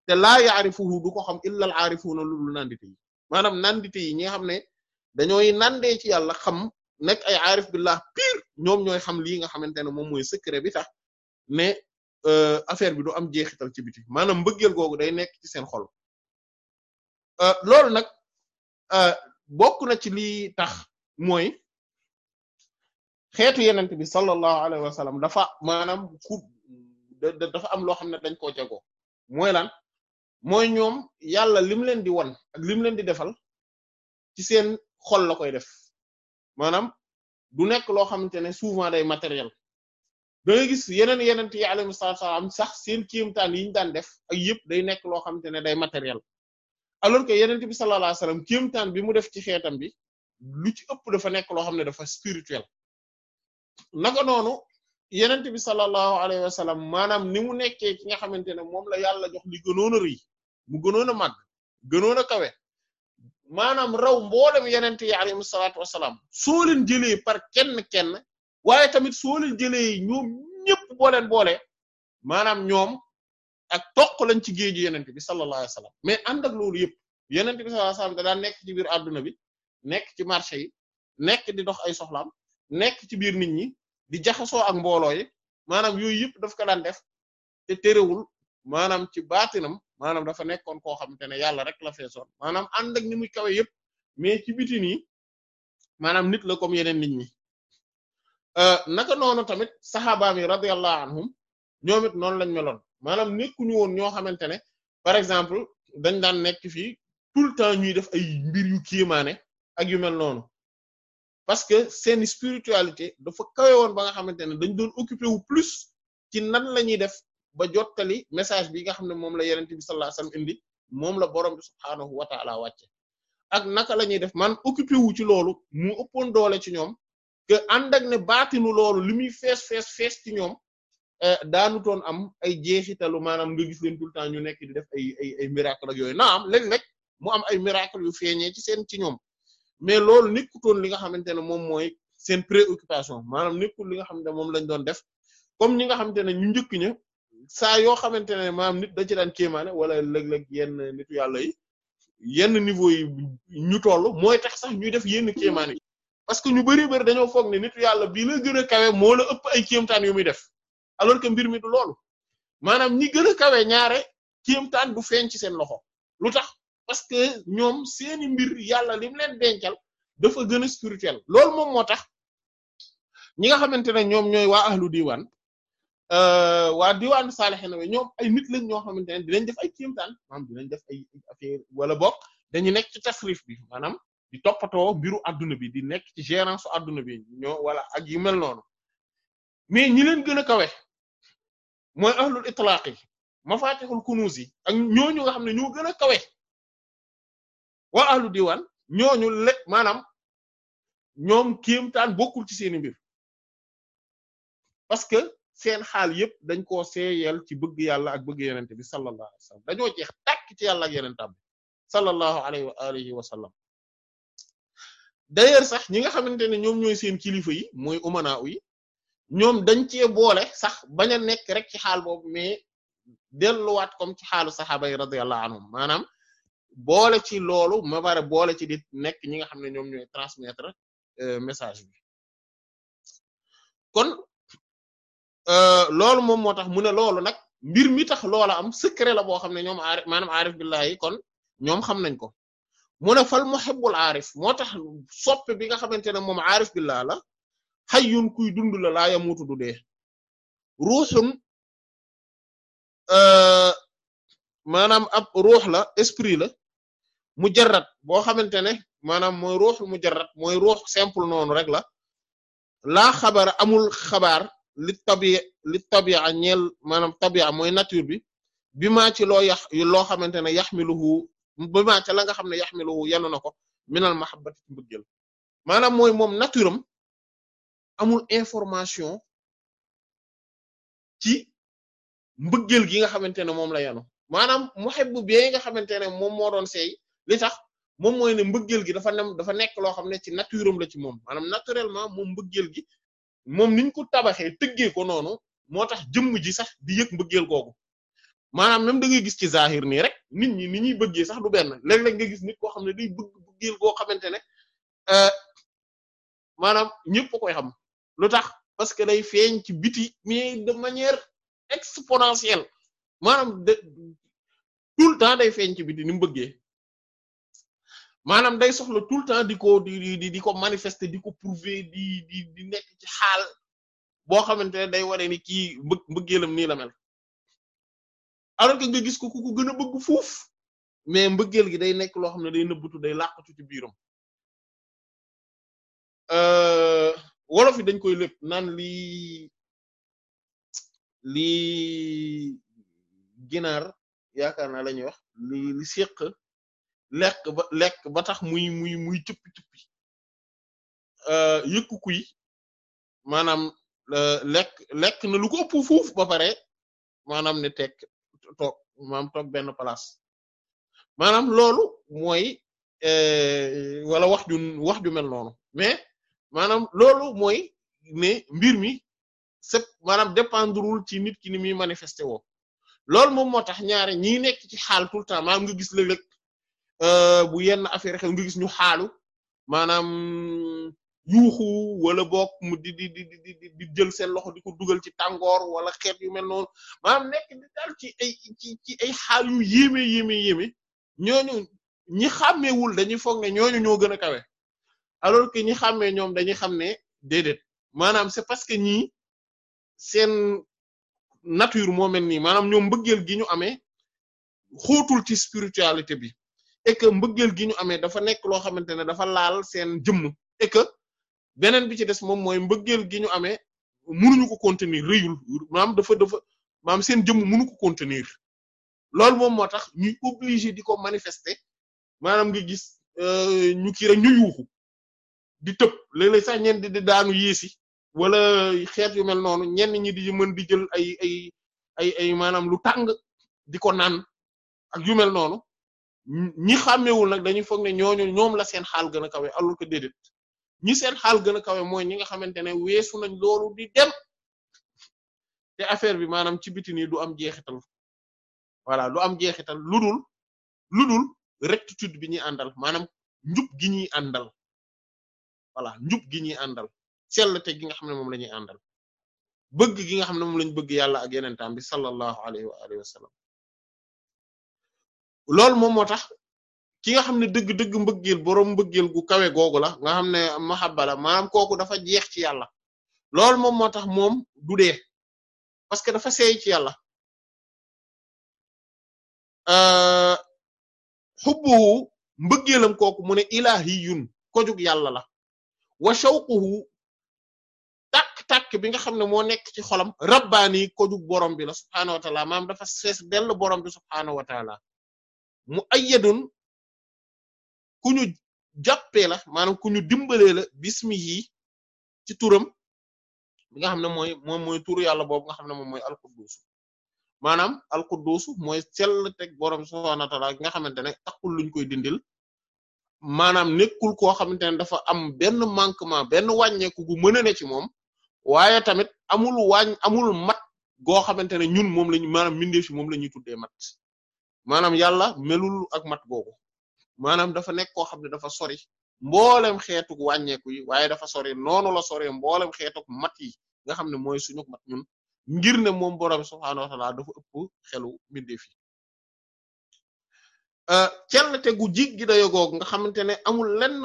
Speaker 1: te laa ya'rifuhu du ko xam illal aarifuuna lu dul nandite yi maanaam nandite xam ne dañooy nandee ci yàlla xam nekk ay aarif billah pire ñoom ñooy xam lii nga xamante ne moom mooy secret bi tax mais euh, affaire bi du am jeexital ci biti maanaam mbëggeel googu day nekk ci seen xol euh, loolu nag euh, bokk na ci lii tax mooy xeetu yenent bi sallallahu alayhi wa dafa maanaam ku dafa am loo xam ne dañ koo jagoo mooy lan mooy ñoom yàlla lim leen di won ak lim leen di defal ci seen xol la koy def maanaam du nekk loo xamante ne souvent day matériel da gis yeneen yeneen yi alayhi salaam sax seen kéemtaan yi ñu daan def ak yëpp day nekk loo xamante ne day matériel alors que yeneen bi sallallahu alayhi wasallam kéemtaan bi mu def ci xeetam bi lu ci ëpp dafa nekk loo xam ne dafa spirituel naka noonu yeneen bi sallallahu alayhi wasallam maanaam ni mu nekkee ki nga xamante ne moom la yàlla jox li gënoon rëy mu gënoon a màgg gënoon a kawe maanaam raw mboolem yeneen yi alayhimu salaatu wassalaam soo leen jëlee par kenn kenn waaye tamit soo leen jëlee ñoom ñëpp boo leen boole maanaam ñoom ak toq lañ ci géeju yeneen bi sallallahu alayhi wasallam mais ànd ak loolu yëpp yeneen bi sallallahu alayhi da daan nekk ci biir adduna bi nekk ci marché yi nekk di dox ay soxlaam nekk ci biir nit ñi di jaxasoo ak mbooloo yi maanaam yooyu yëpp daf ko daan def te terewul maanaam ci baatinam maanaam dafa nekkoon koo xamante ne yàlla rek la feesoon maanaam ànd ak ni muy kawe yëpp mais ci biti nii maanaam nit la comme yeneen nit ñi euh, naka noonu tamit saxaaba mi radiyallahu anhum ñoom it noonu lañ meloon maanaam nekkuñu woon ñoo xamante ne par exemple dañ daan nekk fii tout le temps ñuy def ay mbir yu kéemaane ak yu mel noonu parce que seen spiritualité dafa kawe woon ba nga xamante ne dañ doon occupé wu plus ci nan la ñuy def ba jottali message bi nga xam ne moom la yeneen bi sallallahu alayhi wasallam indi moom la borom bi subhaanahu wa ta'ala wàcce ak naka la ñuy def man occupé wu ci loolu mu ëppoon doole ci ñoom que ànd ak ne baatinu loolu li muy fees fees fees ci ñoom daanu eh, daanutoon am ay jeexitalu maanaam nga gis leen tout ñu nekk di def ay ay ay miracle ak yooyu naam léeg-léeg mu am ay miracle yu feeñee ci seen ci ñoom mais loolu nekkutoon li nga xamante ne moom mooy seen préoccupation maanaam nekkul li nga xam ne moom lañ doon def comme ñi nga xamante ne ñu njëkk ña saa yoo xamante ne maanaam nit da ci daan kéemaane wala léeg-léeg yenn nitu yàlla yi yenn niveau yi ñu toll mooy tax sax ñuy def yenn kéemaane yi parce que ñu bari bari dañoo foog ne nitu yàlla bii la gën a kawe moo la ëpp ay kéemtaan yu muy def alors que mbir mi du loolu maanaam ñi gën a kawe ñaare kéemtaan du feeñ ci seen loxo lu tax parce que ñoom seeni mbir yàlla lim leen dencal dafa gën a spirituel loolu moom moo tax ñi nga xamante ne ñoom ñooy waa ahlu diwaan Euh, waa diwaanu saalixiina bi ñoom ay nit lañ ñoo xamante ne dinañ def ay kéemtaan maanaam dinañ def ay affaire wala boog dañu nekk ci tasrif bi maanaam di toppatoo mbiru adduna bi di nekk ci gérance adduna bi ñoo wala ak yu mel noonu mais ñi leen gën a kawe mooy ahlul itlaaq yi mafatihul kunuz yi ak
Speaker 2: ñooñu nga xam ne ñoo kawe waa ahlu diwaan ñooñu le maanaam ñoom kéemtaan bokkul ci seeni mbir
Speaker 1: parce seen xaal yëpp dañ koo seeyal ci bëgg yàlla ak bëgg yenente bi sallallahu alayhi wa sallam dañoo tàkk ci yàlla ak yenentam bi sallallahu alayhi wa alihi wa sallam d'ailleurs sax ñi nga xamante ne ñoom ñooy seen kilifa yi mooy umanaa yi ñoom dañ cee boole sax bañ a nekk rek ci xaal boobu mais delluwaat comme ci xaalu saxaaba yi radiyallahu anhum maanaam boole ci loolu ma bare boole ci di nekk ñi nga xam ne ñoom ñooy transmettre euh, message bi kon Euh, loolu moom moo tax mu ne loolu nag mbir mi tax loola am secret la boo xam ne ñoom aarif maanaam aarif billahi kon ñoom xam nañ ko mu ne fal muhibbul aarif moo tax soppe bi nga xamante ne moom aarif billah la hayyun kuy dund la laa yamutu du de ruuxun euh, maanaam ab ruux la esprit la mujarrad boo xamante ne maanaam mooy ruuxul mujarrad mooy ruux simple noonu rek la laa amul xabaar li tabi li tabia ñeel maanaam tabia mooy nature bi bi ma ci loo yax loo xamante ne yaxmiluhu bi maa ca la nga xam ne yaxmiluhu yanu na ko minal ba ci
Speaker 2: mbëggeel maanaam mooy moom nature amul information ci mbëggeel gi nga xamante ne moom la yanu maanaam
Speaker 1: muhibbu bi nga xamante ne moom moo doon seey li tax moom mooy ne mbëggeel gi dafa nem dafa nekk loo xam ne ci nature la ci moom maanaam naturellement moom mbëggeel gi moom niñ ko tabaxee tëggee ko noonu moo tax jëmm ji sax di yëg mbëggeel googu maanaam même da gis ci zahir nii rek nit ñi ni ñuy bëggee sax du benn léeg-léeg nga gis nit koo xam ne day bëgg bëggeel goo xamante ne euh, maanaam ñëpp koy xam lu tax parce que day feeñ ci biti mi de manière exponentielle maanaam de le temps day feeñ ci biti ni mu bëggee maanaam day soxla tout le temps di ko di di di ko manifester di ko prouver di di di nekk ci xaal boo xamante ne day waree ni kii bë mbëggeelam nii la mel alors gis ko ku ko gën a bëgg fuuf mais gi day nekk loo xam ne day nëbbatu day làqatu ci biiram
Speaker 2: euh, wolof yi dañ koy lépp naan lii lii ginaar yaakaar
Speaker 1: naa la wax li li lekk ba lekk ba tax muy muy muy cuppi cuppi euh, yëkku kuy maanaam euh, lekk lekk na lu ko ëpp ba pare maanaam ne tekk toog maanaam toog benn place maanaam loolu mooy euh, wala wax ju wax ju mel noonu mais maanaam loolu mooy ne mbir mi c'est maanaam dépendrewul ci nit ki ni muy manifesté woo loolu moom moo tax ñaare ñi nekk ci xaal tout le temps maanaam nga gis léeg-léeg Euh, bu yenn affaire xew nga gis ñu xaalu maanaam yuuxu wala boog mu di di di di di jël seen loxo di ko dugal ci tàngoor wala xeet yu mel noonu maanaam nekk di daal ci ay ci ci ay xaal yu yéeme yéeme yéeme ñooñu ñi xàmmeewul dañuy foog ne ñooñu ñoo gën a kawe alors que ñi xàmmee ñoom dañuy xam ne déedéet maanaam c'est parce que ñii seen nature moo mel nii maanaam ñoom mbëggeel gi ñu amee xóotul ci spiritualité bi. et que mbëggeel gi ñu amee dafa nekk loo xamante ne dafa laal seen jëmm et que beneen bi ci des moom mooy mbëggeel gi ñu amee mënuñu ko contenir rëyul maam dafa dafa maam seen jëmm mënu ko contenir loolu moom moo tax ñuy obligé di ko manifester maanaam nga gis euh, ñu kii rek ñu yuuxu di tëb léeg-léeg sax ñen di daanu yéesi wala xeet yu mel noonu ñenn ñi di mën di jël ay ay ay maanaam lu tàng di ko naan ak yu mel noonu ñi xàmmewul nag dañuy foog ne ñooñu ñoom la seen xaal gën a kawe alors que déedéet ñi seen xal gën a kawe mooy ñi nga xamante ne weesu nañ loolu di dem te affaire bi maanaam ci biti nii du am jeexital voilà du am jeexital lu dul lu dul rectitude bi ñuy àndal maanaam njub gi ñuy àndal voilà njub gi ñuy àndal sellte gi nga xam ne moom la ñuy àndal bëgg gi nga xam ne moom lañ bëgg yàlla ak yeneen tam bi sallallahu alayhi wa alihi wa loolu moom moo tax ki nga xam ne dëgg-dëgg mbëggeel boroom mbëggeel gu kawe googu la nga xam ne mahabba la maanaam kooku dafa jeex ci yàlla loolu moom moo tax moom du
Speaker 2: dee parce que dafa seey ci yàlla xubbuhu euh, mbëggeelam kooku mu ne ilahiyun ko
Speaker 1: jug yàlla la wa shawquhu tàkk-tàkk bi nga xam ne moo nekk ci xolam rabbaani ko jug borom bi la subhaanahu wa taala dafa sees dell borom bi subhaanahu wa
Speaker 2: mu ayyadun ku ñu jàppee la maanaam ku ñu dimbalee la bismihi ci turam bi nga xam ne mooy moom
Speaker 1: mooy turu yàlla boobu nga xam ne moom mooy alquddus maanaam alquddus mooy sell teg borom subhaanahu wa ta'aala nga xamante ne taxul luñ koy dindil maanaam nekkul koo xamante ne dafa am benn manquement benn wàññeeku gu mën a ne ci moom waaye tamit amul wàññ amul mat goo xamante ne ñun moom lañu maanaam mbindeef fi moom la tuddee mat maanaam yàlla melul ak mat googu maanaam dafa nekk ko xam ne dafa sori mboolem xeetuk wàññeeku yi waaye dafa sori noonu la sori mboolem xeetuk mat yi nga xam ne mooy suñu mat ñun ngir ne moom borom subhaanahu wa ta'ala dafa ëpp xelu mbindeef yi cellte euh, gu jiggi dayo goog nga xamante ne amul lenn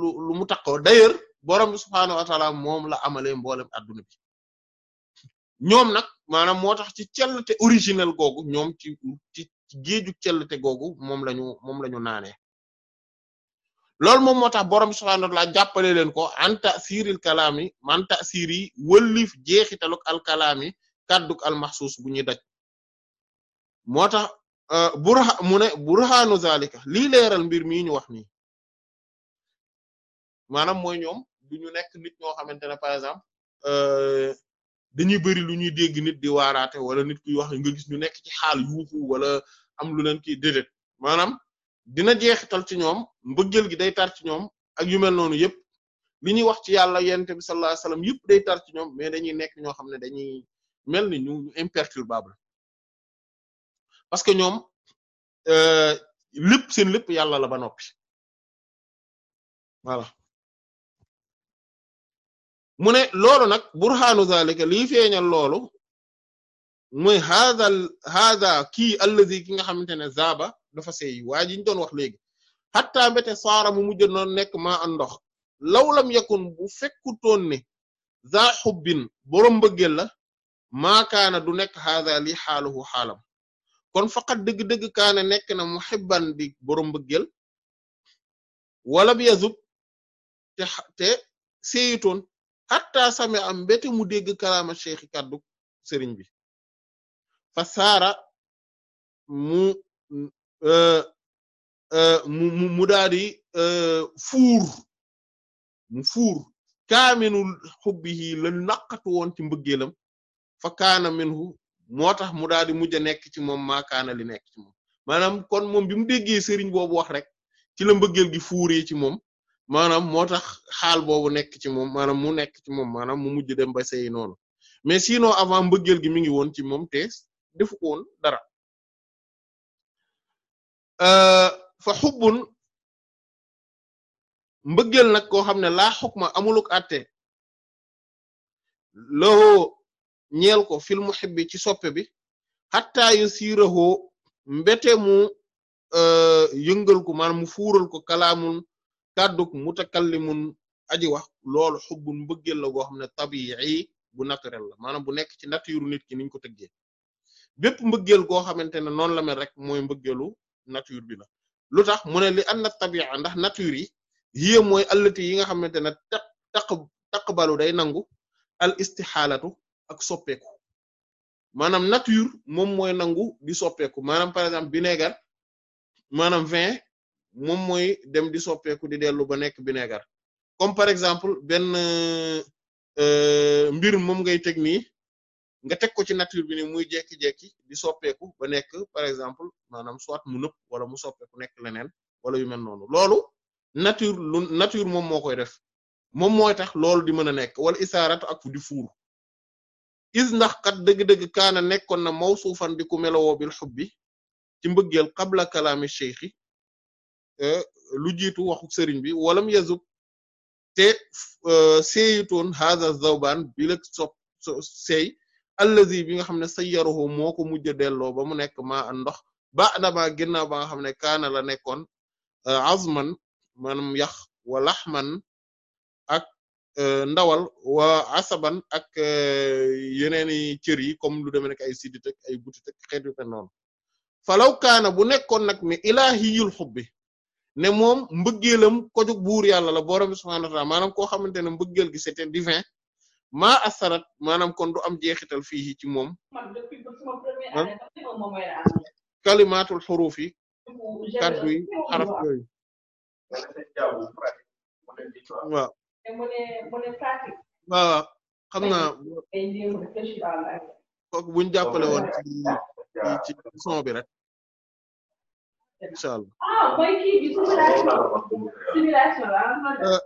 Speaker 1: lu lu mu takkoo d'ailleurs borom subhaanahu wa ta'ala moom la amalee mboolem adduna bi ñoom nag maanaam moo tax ci cellte originel googu ñoom ci ci ci géeju cellte googu moom lañu moom lañu naanee loolu moom moo tax borom subhaanahu wa ta'aala jàppale leen ko an ta'siiril kalaami man ta'siir yi wëllif jeexitaluk al kalaami kadduk al bu ñuy daj moo tax euh, burha mu ne burhaanu zalika lii mbir mii ñu wax nii maanaam mooy ñoom du ñu nekk nit ñoo xamante ne par exemple euh, dañuy bari lu ñuy dégg nit di warate wala nit kuy wax nga gis ñu nekk ci xaal yuuxu wala am lu leen kii déedéet maanaam dina jeexital ci ñoom mbëggeel gi day tar ci ñoom ak yu mel noonu yëpp li ñuy wax ci yàlla yonent bi sallallahu alayhi wasallam yëpp day tar ci ñoom mais dañuy nekk ñoo xam ne
Speaker 2: dañuy mel ni ñu imperturbable parce que ñoom euh, lépp seen lépp yàlla la ba noppi voilà mu ne loolu nag burhaanu zalika lii
Speaker 1: feeñal loolu mooy hada hada kii allazi ki nga xamante ne zaaba dafa seey waa ji doon wax léegi xataa mbete saara mu mujj noon nekk ma an ndox law lam yakun bu fekkutoon ne za xubbin boroom mbëggeel la maakaana du nekk hada li xaaluhu xaalam kon faqat dëgg-dëgg kaana nekk na muhibban di boroom mbëggeel wala bi yazub te te seeyitoon xataa same am mbete mu dégg kalaama cheikh
Speaker 2: kaddu bi fa saara mu euh, euh, mu mu daadi euh, fuur
Speaker 1: mu fuur kaaminu hubbihi la naqatu woon ci mbëggeelam fa kaana minhu moo tax mu daal di mujj a nekk ci moom maa kaana li nekk ci moom maanaam kon moom bi mu déggee sëriñ boobu wax rek ci la mbëggeel gi fuuree ci moom maanaam moo tax xaal boobu nekk ci moom maanaam mu nekk ci moom maanaam mu mujj ba sey noonu mais
Speaker 2: sinon avant mbëggeel gi mi ngi woon ci moom te defu ko woon dara euh, fa xubbun mbëggeel nag koo xam ne laa xukma amuluk àtte loo
Speaker 1: ñeel ko fil muhibbi ci soppe bi xataa yu siirahoo mbete mu euh, yëngal ko maanaam mu fuural ko kalaamun kàdduk mutakallimun aji wax loolu xubbun mbëggeel la goo xam ne tabi'i bu naturel la maanaam bu nekk ci nature nit ki niñ ko tëggee bépp mbëggeel goo xamante ne noonu la mel rek mooy mbëggeelu nature bi la lu tax mu ne li an na tabia ndax nature yi yie mooy allati yi nga xamante ne taq taq taqbalu day nangu al istixaalatu ak soppeeku maanaam nature moom mooy nangu di soppeeku maanaam par exemple vinaigre maanaam vin moom mooy dem di soppeeku di dellu ba nekk vinaigre comme par exemple benn euh, mbir moom ngay teg nii nga teg ko ci nature bi ni muy jekki-jekki bi soppeeku ba nekk par exemple maanaam soit mu nëpp wala mu soppeeku nekk leneen wala yu mel noonu loolu nature lu nature moom moo koy def moom mooy tax loolu di mën a nekk wala isaaratu ak di fuur is ndax kat dëgg-dëgg kaana nekkoon na mawsuufan di ku melowoo bil hubbi ci mbëggeel qabla kalaami sheikhi e, lu jiitu waxu sëriñ bi walam yazub te e, seeyitoon haza zawban bi lëg sop seey allazi bi nga xam ne sayyaruhu moo ko mujj delloo ba mu nekk maa ndox ba'da ma ginnaaw ba nga xam ne kaana la nekkoon euh, azman maanaam yax wa laxman ak e ndawal wa asaban ak euh, yeneeni cër yi comme lu demee nekk ay sidit ay butit ak xeet yu mel falaw kaana bu nekkoon nag ne ilahiyul hubbi ne moom mbëggeelam ko jug buur yàlla la borom subhanahu wa ta'ala maanaam koo xamante ne mbëggeel gi c'était divin maa asarat maanaam kon du am jeexital fii ci moom kalimatul
Speaker 2: xuruf yi kaddu yi xaraf yooyu waaw waaw xam naa
Speaker 1: kooku buñ jàppale woon ci rek incha allah
Speaker 2: ah,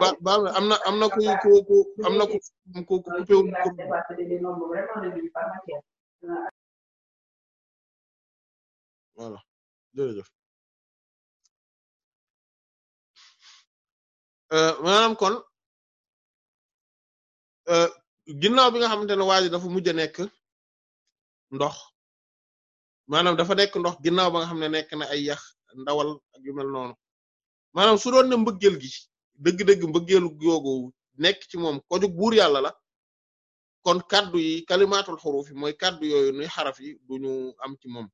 Speaker 2: ba baal na am na am na ku ku ku am na ku ku ku coupé wu voilà jërëjëf euh, kon euh, ginnaaw bi nga xamante ne waa dafa mujj a nekk ndox maanaam dafa nekk
Speaker 1: ndox ginnaaw ba nga xam ne nekk na ay yax ndawal ak yu mel noonu maanaam su doon gi dëgg-dëgg mbëggeelu googu nekk ci moom koju buur yàlla la kon kaddu yi kalimaatul xuruf mooy kaddu yooyu nuy xarafi duñu am ci moom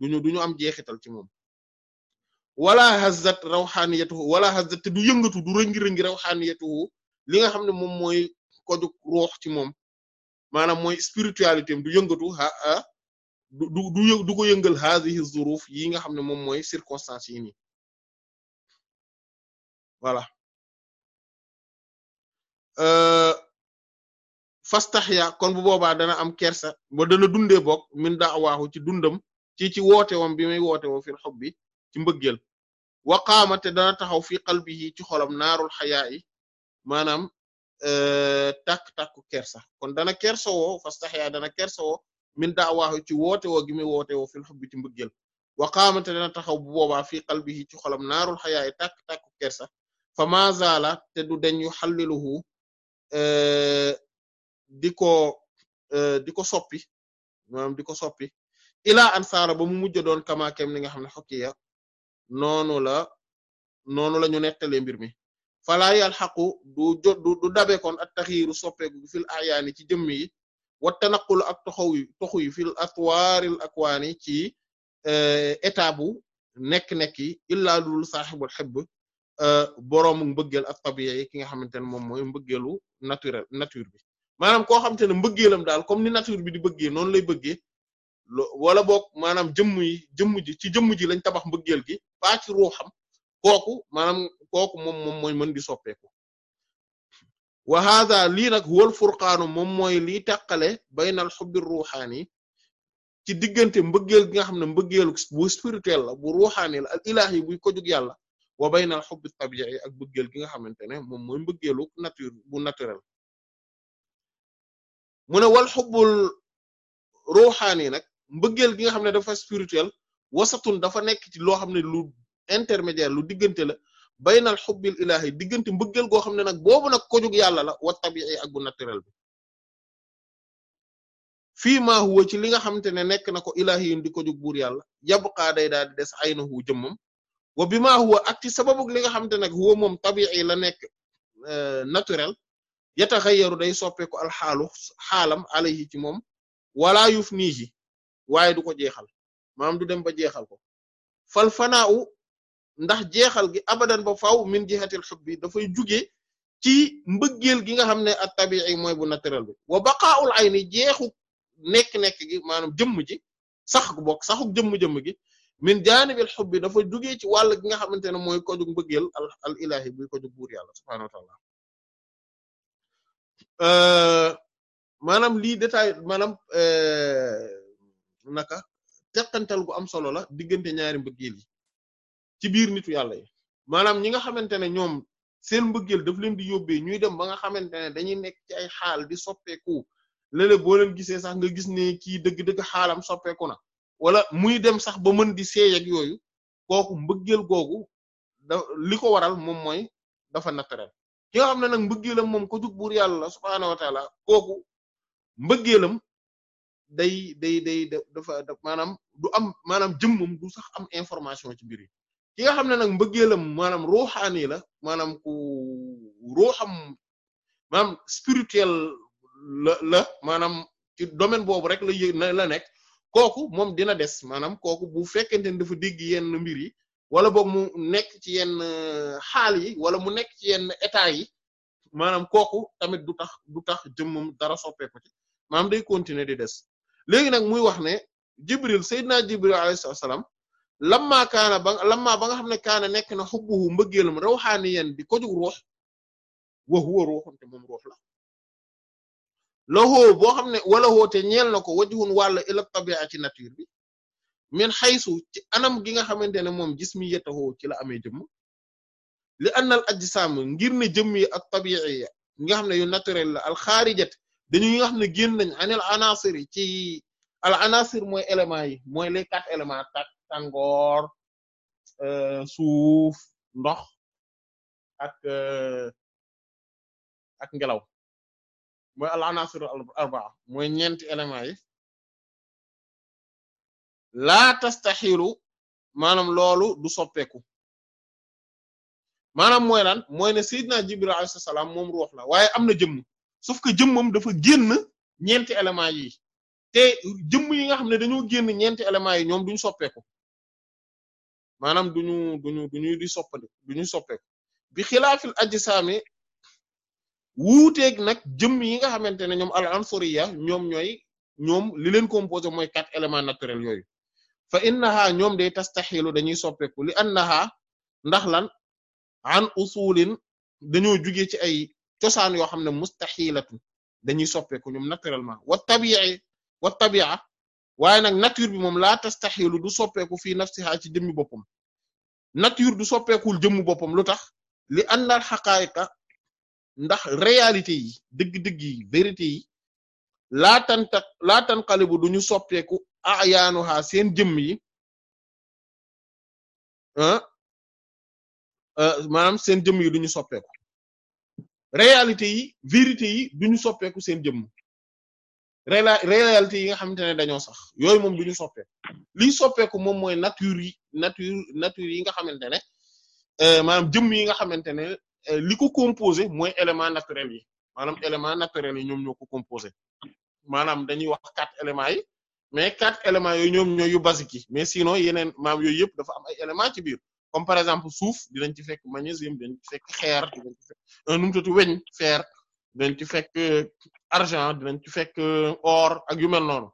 Speaker 1: duñu duñu am jeexital ci moom wala hazat rawxaaniyatuhu wala hazat te du yëngatu du rëngi-rëngi rawxaaniyatuhu li nga xam ne moom mooy koju ruux ci moom maanaam mooy spiritualité du yëngatu a a du du du ko yëngal hazihi
Speaker 2: yi nga xam ne moom mooy circonstances yi Euh, fastaxya
Speaker 1: kon bu boobaa dana am kersa ba dana dundee bokk min da'wahu ci dundam ci ci woote wam bi muy woote woo fil hubbi ci mbëggeel wa qaamate dana taxaw fi qalbihi ci xolam naarul xayaa yi maanaam euh, tàkk-tàkku kersa kon dana kersa woo dana kersa woo min da'wahu ci woote woo gi muy woote woo fil hubbi ci mbëggeel wa qaamate dana taxaw bu boobaa fi qalbihi ci xolam naarul xayaa yi tàkk-tàkku kersa fa ma te du deñ yu Eh, di ko eh, di ko soppi maanaam di ko soppi ilaa ansaara ba mu mujj doon kama kem nga xam ne xokiya noonu la noonu la ñu nettalee mbir mi falaa yalxaqu du jot du dabe kon fil ayaani ci jëmm yi wa ak toxaw yi toxu yi fil atwaaril akwaani ci eh, état bu nekk-nekk yi illaa lul saaxibul xibb Euh, boroomu mbëggeel ak tabiya yi ki nga xamante ne moom mooy mbëggeelu naturel nature bi maanaam koo xamante ne mbëggeelam daal comme ni nature bi di bëggee noonu lay bëggee wala boog maanaam jëmm yi jëmm ji ci jëmm ji lañ tabax mbëggeel gi ba ci ruuxam kooku maanaam kooku moom moom mooy mën di soppeeku wa hadha lii nag wal furqaanu moom mooy lii tàqale baynal xubbi ruuxaani ci diggante mbëggeel gi nga xam ne mbëggeelu bu spirituel la bu ruuxaani la al ilahi buy ko jug yàlla wa baynal hubbi tabi'i ak bëggeel gi nga xamante ne moom mooy mbëggeelu nature bu naturel mu ne wal xubbul ruuxaani nag mbëggeel gi nga xam ne dafa spirituel wasatun dafa nekk ci loo xam ne lu intermédiaire lu diggante la baynal xubbil ilaahi diggante mbëggeel goo xam ne nag boobu nag ko yàlla la wat tabi'i ak bu naturel bi fii maa huwa ci li nga xamante ne nekk na ko ilaahi di ko jug buur yàlla yabqaa day daal di des aynahu jëmmam wa bi maa huwa ak ci sababu li nga xamante nag huwa moom tabi'i la nekk euh, naturel yataxayyaru day soppeeku alxaalu xaalam alayhi ci moom wala yufnihi waaye du ko jeexal mam du dem ba jeexal ko fal fanaaw ndax jeexal gi abadan ba faaw min jihatil hubbi dafay jugee ci mbëggeel gi nga xam ne at tabi'i mooy bu naturel bi wa baqaa'ul ayni jeexu nekk-nekk gi maanaam jëmm ji sax gu bokk saxu jëmm-jëmm gi min jaanibil hubbi dafa jugee ci wàll gi nga xamante ne mooy ko jug mbëggeel al al ilahi buy ko jug buur yàlla subhaanahu wa ta'ala euh, maanaam lii détail maanaam euh, naka teqantal gu am solo la diggante ñaari mbëggeel yi ci biir nitu maanaam ñi nga xamante ne ñoom seen mbëggeel daf leen di yóbbee ñuy dem ba nga xamante ne dañuy nekk ci ay xaal di soppeeku léeg-léeg boo leen gisee sax nga gis ne kii dëgg-dëgg xaalam soppeeku na wala muy dem sax ba mën di seey ak yooyu kooku mbëggeel googu da li ko waral moom mooy dafa naturel ki nga xam ne nag mbëggeelam moom ko jug buur yàlla subhaanahu wa taala kooku mbëggeelam day day day dafa maanaam du am maanaam jëmmam du sax am information ci mbir yi ki nga xam ne nag mbëggeelam maanaam ruuxaani la maanaam ku ruuxam maanaam spirituel la la maanaam ci domaine boobu rek la la nekk kooku moom dina des maanaam kooku bu fekkente ne dafa dégg yenn mbir yi wala boog mu nekk ci yenn euh, xaal yi wala mu nekk ci yenn état yi maanaam kooku tamit du tax du tax jëmmam dara soppeeku ci maanaam day continuer di des léegi nag muy wax ne Jibril Seydina Jibril alayhi salaam lammaa kaana ba lammaa ba nga xam ne kaana nekk na xubbuhu mbëggeelam rawxaaniyan di ko jug ruux wa huwa ruuxun te moom ruux la lahoo boo xam ne wala hoo te ñeel na ko wajhun wàll ila tabia ci nature bi min xaysu ci anam gi nga xamante ne moom gis mi yetahoo ci la amee jëmm li annal ajsam ngir ne jëmm yi ak tabiiya nga xam ne yu naturel la alxaarijat dañu nga xam ne génn nañ anil anasir yi ci al anasir mooy éléments yi mooy les quatre éléments tak
Speaker 2: tàngoor euh, suuf ndox ak euh, ak ngelaw mooy al anasir al arbaa mooy ñeenti éléments yi laa tastaxilu maanaam loolu du soppeeku maanaam mooy laan
Speaker 1: mooy ne sayyidina Jibril alayhi salaam moom ruux la waaye am na jëm sauf que jëmmam dafa génn ñeenti éléments yi te jëmm yi nga xam ne dañoo génn ñeenti éléments yi ñoom duñ soppeeku maanaam duñu duñu duñu di soppandi bi xilaafil ajsaami wuuteeg nag jëm yi nga xamante ne ñoom al ansuriya ñoom ñooy ñoom li leen composé mooy quatre élément naturels yooyu fa innaha ñoom day tastaxilu dañuy soppeeku li annaha ndax lan an usulin dañoo jugee ci ay cosaan yoo xam ne mustaxilatu dañuy soppeeku ñoom naturellement wa tabi'i wa tabi'a waaye nag nature bi moom laa tastaxilu du soppeeku fii nafsiha ci jëmmi boppam nature du soppeekul jëmmu boppam lu tax li anna al xaqaa'iqa ndax réalité yi dëgg-dëgg yi vérité yi laa tanta laa tanqalibu duñu soppeeku ayaanuha seen jëmm yi
Speaker 2: ah maanaam seen jëmm yi duñu soppeeku réalité yi vérité yi duñu soppeeku seen jëmm
Speaker 1: réalité yi nga xamante ne dañoo sax yooyu moom duñu soppeeku li soppeeku moom mooy nature yi nature nature yi nga xamante ne euh, mam jëmm yi nga xamante ne Euh, li ko composé mooy élément naturel yi maanaam élément naturel yi ñoom ñoo ko composé maanaam dañuy wax quatre éléments yi mais quatre éléments yooyu ñoom ñooy yu basique yi mais sinon yeneen maam yooyu yëpp dafa am ay élément ci biir comme par exemple suuf dinañ ci fekk magnésium dinañ ci fekk xeer dinañ ci fekk euh, numtatu weñ fer dinañ ci fekk euh, argent dinañ ci fekk or ak yu mel noonu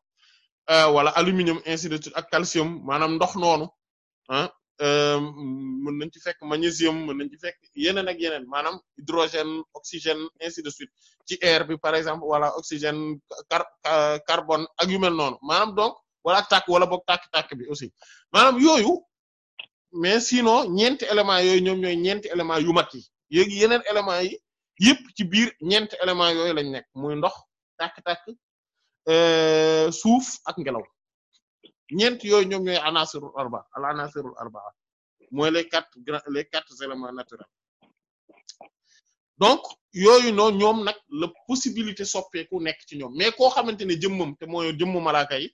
Speaker 1: wala aluminium ainsi de ak calcium maanaam ndox noonu Euh, mën nañ ci fekk magnésium mën nañ ci fekk yeneen ak yeneen maanaam hydrogène oxygène ainsi de suite ci air bi par exemple wala oxygène car carbone ak yu mel noonu maanaam donc wala tàkk wala boog tàkk-tàkk bi aussi maanaam yooyu mais sinon ñeenti éléments yooyu ñoom ñooy ñeenti éléments yu mat yi yéegi yeneen éléments yi yëpp ci biir ñeenti éléments yooyu lañ nekk muy ndox tàkk-tàkk euh, suuf ak ngelaw ñeent yooyu ñoom ñooy anasirul arba al anasirul arba mooy les quatre les quatre éléments naturels donc yooyu noonu ñoom nag la possibilité soppeeku nekk ci ñoom mais koo xamante ne jëmmam te mooy jëmmu malaaka yi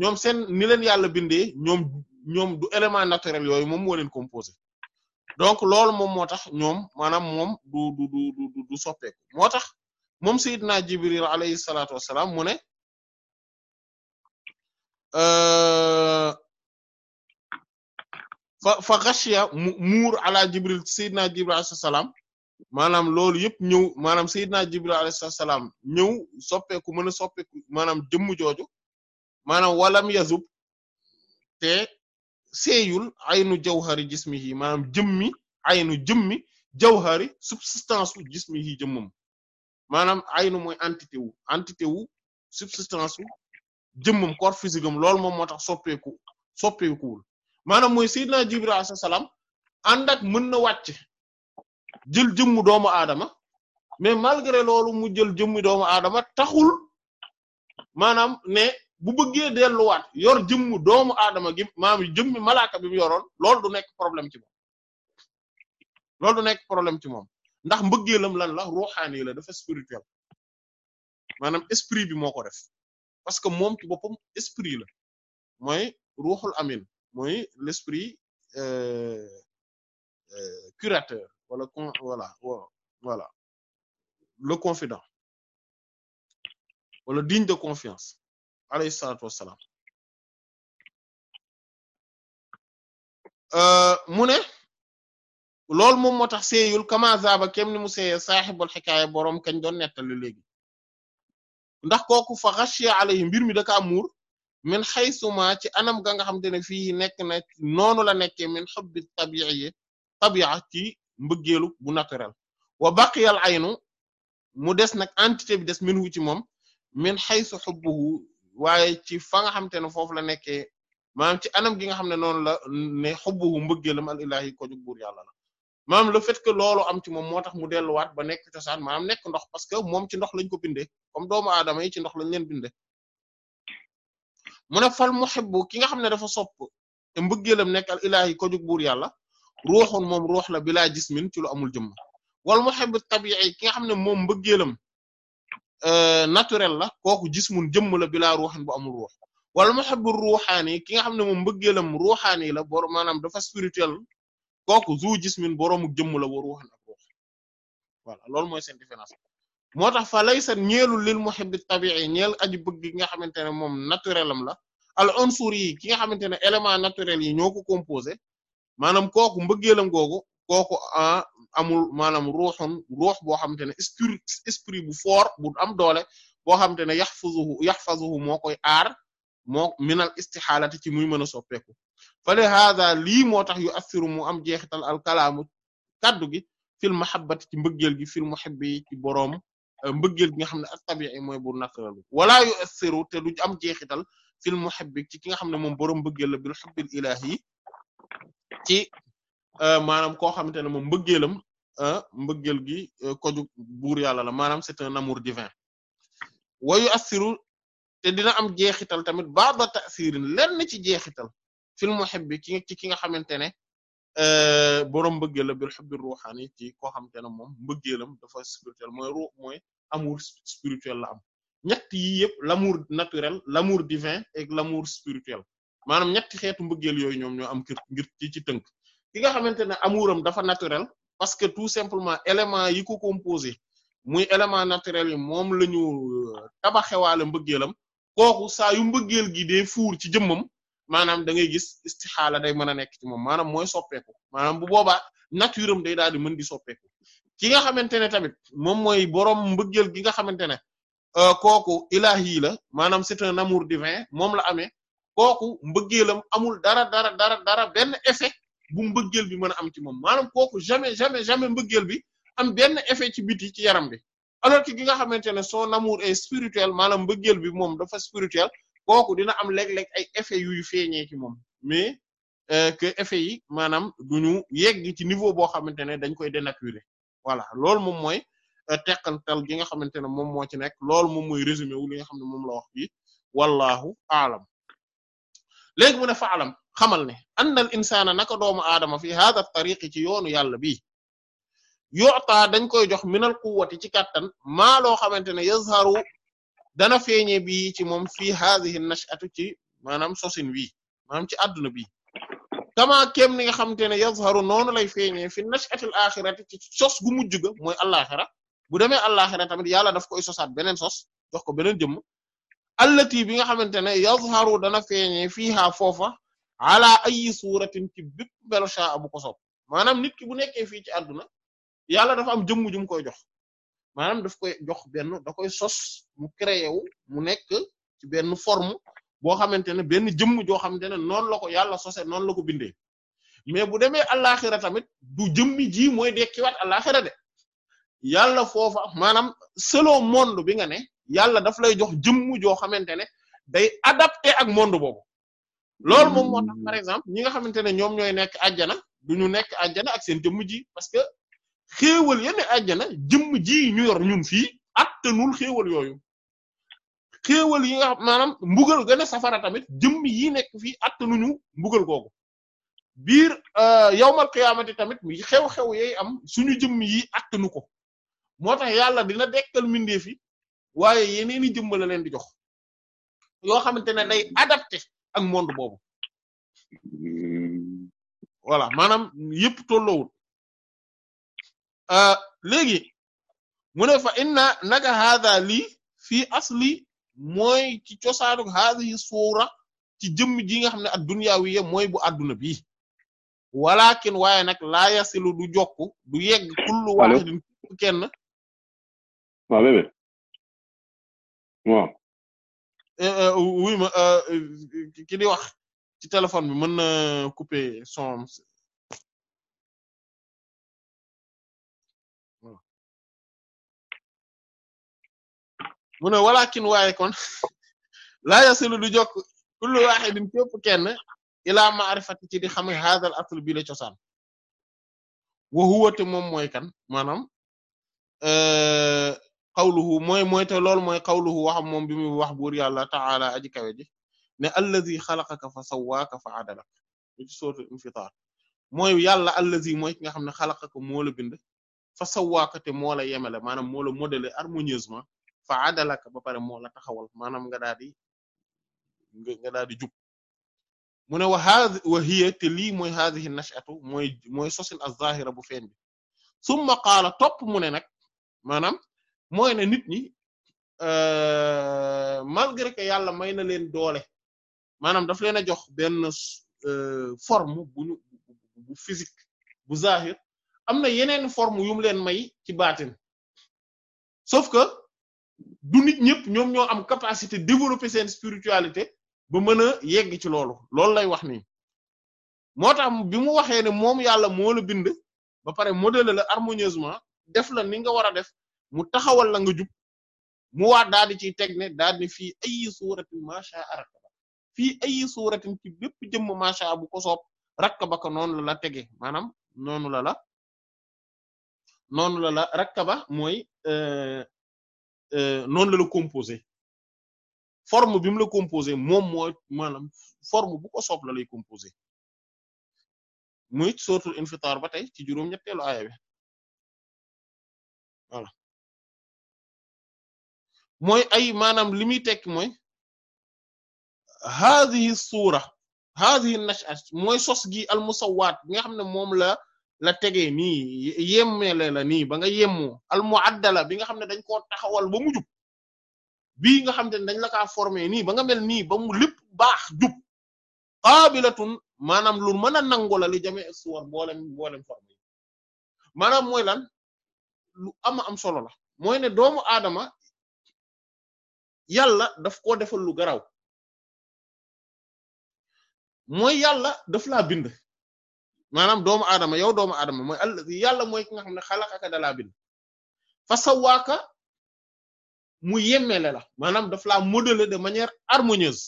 Speaker 1: ñoom seen ni leen yàlla bindee ñoom ñoom du élément naturel yooyu moom moo leen composé donc loolu moom moo tax ñoom maanaam moom du du du du du soppeeku moo tax moom Seydina Jibril alayhi salaatu wassalaam mu
Speaker 2: ne fa fa ghashiya mu muur ala jibril sayyidina jibril alayhi salaam
Speaker 1: maanaam loolu yëpp ñëw maanaam sayyidina jibril alayhi salaam ñëw soppeeku mën a soppeeku maanaam jëmmu jooju maanaam walam yazub te seeyul aynu jawhari jismihi maanaam jëmmi aynu jëmmi jawhari subsistance u jismihi jëmmam maanaam aynu mooy entité wu subsistance u jëmmam corps physique am loolu moom moo tax soppeeku soppeekuwul maanaam mooy sayyidina Jibril alayhi salaam ànd ak mën na wàcc jël jëmmu doomu aadama mais malgré loolu mu jël jëmmi doomu aadama taxul maanaam ne bu bëggee delluwaat yor jëmmu doomu adama gi maam jëmmi malaaka bi mu yoroon lool du nekk problème ci moom nekk problème ci moom ndax mbëggeelam lan la ruuxaani la dafa spirituel maanaam esprit bi moo ko def parce que moom ci boppam esprit la mooy ruuxul amin mooy
Speaker 2: l'esprit euh, euh, curateur wala con voilà voilà le confident wala digne de confiance alayhi salaatu wassalaam euh, mu ne loolu moom moo tax seeyul kama
Speaker 1: zaaba kem ni mu seeyee saaxibul xikaaya borom kañ doon nettali léegi ndax kooku fa xashiya alayhi mbir mi da kaa muur xay xaysuma ci anam ga nga xamante ne fii nekk na noonu la nekkee min xubbi tabiiye tabia ci mbëggeelu bu naturel wa baqiyal aynu mu des nag entité bi des minhu ci moom min xaysu xubbuhu waaye ci fa nga xamante ne foofu la nekkee maanaam ci anam gi nga xam ne noonu la ne xubbuhu mbëggeelam al ilahi ko jug buur yàlla la maanaam le fait que loolu am ci moom moo tax mu delluwaat ba nekk cosaan maanaam nekk ndox parce que moom ci ndox lañ ko bindee comme doomu aadama yi ci ndox lañ leen bindee mu ne fal muhibbu ki nga xam ne dafa sopp te mbëggeelam nekk al ilahi ko jug buur yàlla ruuxun moom ruux la bilaa jismin ci lu amul jëmm wal muhibbu tabi'i ki nga xam ne moom mbëggeelam euh, naturel la kooku jismun jëmm la bilaa ruuxin bu amul ruux wal muhibbu ruuxaani ki nga xam ne moom mbëggeelam ruuxaani la bor maanaam dafa spirituel kooku zu jismin boroomu jëmm la war wax a ruux voilà loolu mooy seen différence moo tax fa laysa ñeelul lil muhibbi tabi'i ñeel aji bëgg gi nga xamante ne moom am la al unsur yi ki nga xamante ne élément naturel yi ñoo ko composé maanaam kooku mbëggeelam googu kooku a amul maanaam ruuxun ruux boo xamante ne esprit bu foor bu am doole boo xamante ne yaxfazuhu yaxfazuhu moo koy aar moo minal istixaalati ci muy mën a soppeeku fale hada lii moo tax yu assiru mu am jeexital al kalaamu kaddu gi fil mahabbati ci mbëggeel gi fil muhibbi ci boroom euh, mbëggeel gi nga xam ne astabi'i mooy bu naturalu wala yu assiru te du am jeexital fil muhibbi ci ki nga xam ne moom borom mbëggeel la bil hubbil ilahi ci euh, maanaam koo xamante ne moom mbëggeelam euh, mbëggeel gi koju buur yàlla la maanaam c'est un amour divin wayu assiru te dina am jeexital tamit ba'da ta'sirin lenn ci jeexital fil muhibbi ci ci ki nga xamante ne euh, boroom mbëggeel la bil hubbi ruhani ci koo xamante ne moom mbëggeelam dafa spirituel mooy ruux mooy amour spirituel la am ñett yi yëpp l'amour naturel l'amour divin et l'amour spirituel maanaam ñetti xeetu mbëggeel yooyu ñoom ñoo am ngir ci ci tënk ki nga xamante ne amouram dafa naturel parce que tout simplement élément yi ko composé muy élément naturel yi moom la ñu euh, tabaxewaale mbëggeelam kooku saa yu mbëggeel gi dee fuur ci jëmmam maanaam da ngay gis istixaala day mën a nekk ci moom maanaam mooy soppeeku maanaam bu boobaa nature am day daal di mën di soppeeku ki nga xamante ne tamit moom mooy boroom mbëggeel gi nga xamante ne euh, kooku ilahi la maanaam c'est un amour divin moom la amee kooku mbëggeelam amul dara dara dara dara benn effet bu mbëggeel bi mën a am ci moom maanaam kooku jamais jamais jamais mbëggeel bi am benn effet ci biti ci yaram bi alors que gi nga xamante ne son amour est spirituel maanaam mbëggeel bi moom dafa spirituel kooku dina am léeg-léeg ay effets yuy feeñee ci moom mais euh, que effets yi maanaam ñu yegg ci niveau boo xamante ne dañ koy dénaturer voilà loolu moom mooy euh, teqantal gi nga xamante ne moom moo ci nekk loolu moom mooy résumé wu li nga xam ne moom la wax bi wallahu aalam léegi mu ne fa alam xamal ne annal insaana naka doomu aadama fi hadha tariqi ci yoonu yàlla bi yotaa dañ koy jox minal quwwati ci kàttan maa loo xamante ne yazharu dana feeñee bi ci moom fii hadhihi nash'atu ci maanaam sosin wii maanaam ci adduna bi kama kem ni nga xamante ne yazharu noonu lay feeñee fi nash'atil axirati ci sos gu mujj ga mooy allaxira bu demee allaxira tamit yàlla daf koy sosaat beneen sos jox ko beneen jëmm allati bi nga xamante ne yazharu dana feeñee fiihaa foofa ala ayi suratin ci bépp melo sha bu ko soob maanaam nit ki bu nekkee fii ci adduna yàlla dafa am jëmm ju koy jox maanaam daf koy jox benn da koy sos mu créé wu mu nekk ci benn forme boo xamante ne benn jëmm joo xamante ne noonu la ko yàlla sose noonu la ko bindee mais bu demee àllaaxira tamit du jëmmi ji mooy dekkiwaat àllaaxira de yàlla foofa maanaam selon mond bi nga ne yàlla daf lay jox jëmm joo xamante ne day adapté ak monde boobu loolu moom moo tax par exemple ñi nga xamante ne ñoom ñooy nekk àjjana du ñu nekk àjjana ak seen jëmm ji parce que xéewal yenn àjjana jëmm ji ñu yor ñun fii attanul xéewal yooyu xéewal yi nga xam maanaam mbugal a safara tamit jëmm yi nekk fii attanuñu mbugal googu biir euh, yawmal qiyaamati tamit xew-xew yay am suñu jëmm yi attanu ko moo tax yàlla dina dekkal mbindeef yi waaye yeneeni jëmm la leen di jox
Speaker 2: yoo xamante ne day adapté ak monde boobu hmm. voilà maanaam yëpp tolloowul Euh, léegi mu ne fa inna naka hada lii fii asli
Speaker 1: mooy ci cosaanu hadihi suura ci jëmm ji nga xam ne ad dunyawiyya mooy bu adduna
Speaker 2: bi walakin waaye nag laa yasilu du jokk du yegg kullu wahidin kenn waaw bébé waaw wuy euh, euh, ma ki di wax ci téléphone bi mën na couper son mu ne kin waaye kon <laughs> laa yasilu du jokk kullu wahidin képp kenn ilaa ma'rifati ci
Speaker 1: di xam hadal asl bi la cosaan wa huwa te moom mooy kan maanaam euh, qawluhu mooy mooy te loolu mooy qawluhu waxam moom bi muy wax buur yàlla ta'ala aji kawe ji ne allazi xalaqaka fa sawwaaka fa adalak li ci sootu infitar mooy yàlla allazi mooy ki nga xam ne xalaqaka moo la bind fa sawwaaka te moo la yemale maanaam moo la modelé fa adalaka ba pare moo la taxawal maanaam nga daal di nga daal di jub mu ne wa haaz wa hiya te lii mooy haadihi nash'atu mooy sosin az-zahira bu feen bi summa qaala topp mu ne nag maanaam mooy ne nit ñi euh, malgré que yàlla may na leen doole maanaam daf leen a jox benn euh, forme bu ñu physique bu zahir am na yeneen forme yum mu leen may ci baatin sauf que du nit ñëpp ñoom ñoo am capacité développer seen spiritualité ba mën a yegg ci loolu loolu lay wax nii moo tax bi mu waxee ne moom yàlla moo la bind ba pare modèle la harmonieusement def la ni nga war a def mu taxawal la nga jub mu waat daal ci ciy teg ne daal di ne fii ay suuratin macha allah fii ay suuratin ci bépp jëmm macha bu ko soob ko noonu la la tege maanaam noonu la la noonu la mooy euh, Euh, noonu la composé forme bi composé moom mooy maanaam forme bu ko soob la lay composé
Speaker 2: muy sootul infitar ba tey ci juróom-ñetteelu aaya bi voilà mooy ay maanaam li muy tekki mooy hadhihi suura hadhihi nasha mooy sos
Speaker 1: gi al musawwaat bi nga xam ne moom la la tege nii yemmele la nii ba nga yemmoo al muaddala bi nga xam ne dañ koo taxawal ba mu jub bii nga xam ne dañ la kaa nii ba nga mel nii ba mu lépp baax jub qaabilatun maanaam lu mën a nangu la li jame suwar boolem boolem formé mooy lan
Speaker 2: lu ama am solo la mooy ne doomu aadama yàlla daf koo defal lu garaw mooy yàlla daf laa
Speaker 1: bind maanaam doomu aadama yow doomu aadama mooy all yàlla mooy ki nga xam ne xalaqaka dalaa bind
Speaker 2: fa sawaaka mu yemmele la maanaam daf la modeler de manière harmonieuse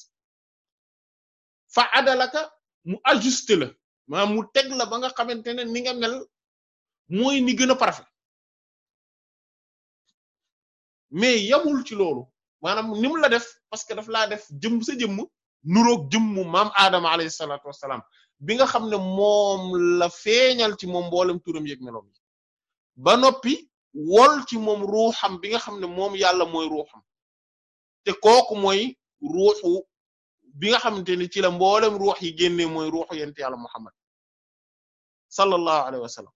Speaker 2: fa adalaka mu ajuster la maanaam mu teg la ba nga xamante ne ni nga mel mooy ni gën a parfait mais yamul ci loolu maanaam ni mu la def
Speaker 1: parce que daf laa def jëmm sa jëmm nuroog jëmmu maam aadama alayhi salaatu wassalaam bi nga xam ne moom la feeñal ci mom mboolem turam yeeg meloom yi ba noppi wol ci moom ruuxam bi nga xam ne moom yàlla mooy ruuxam te kooku mooy ruuxu bi nga xam ni ci la mboolem ruux yi génnee mooy ruuxu yent yàlla
Speaker 2: Muhammad sallallahu alayhi wa sallam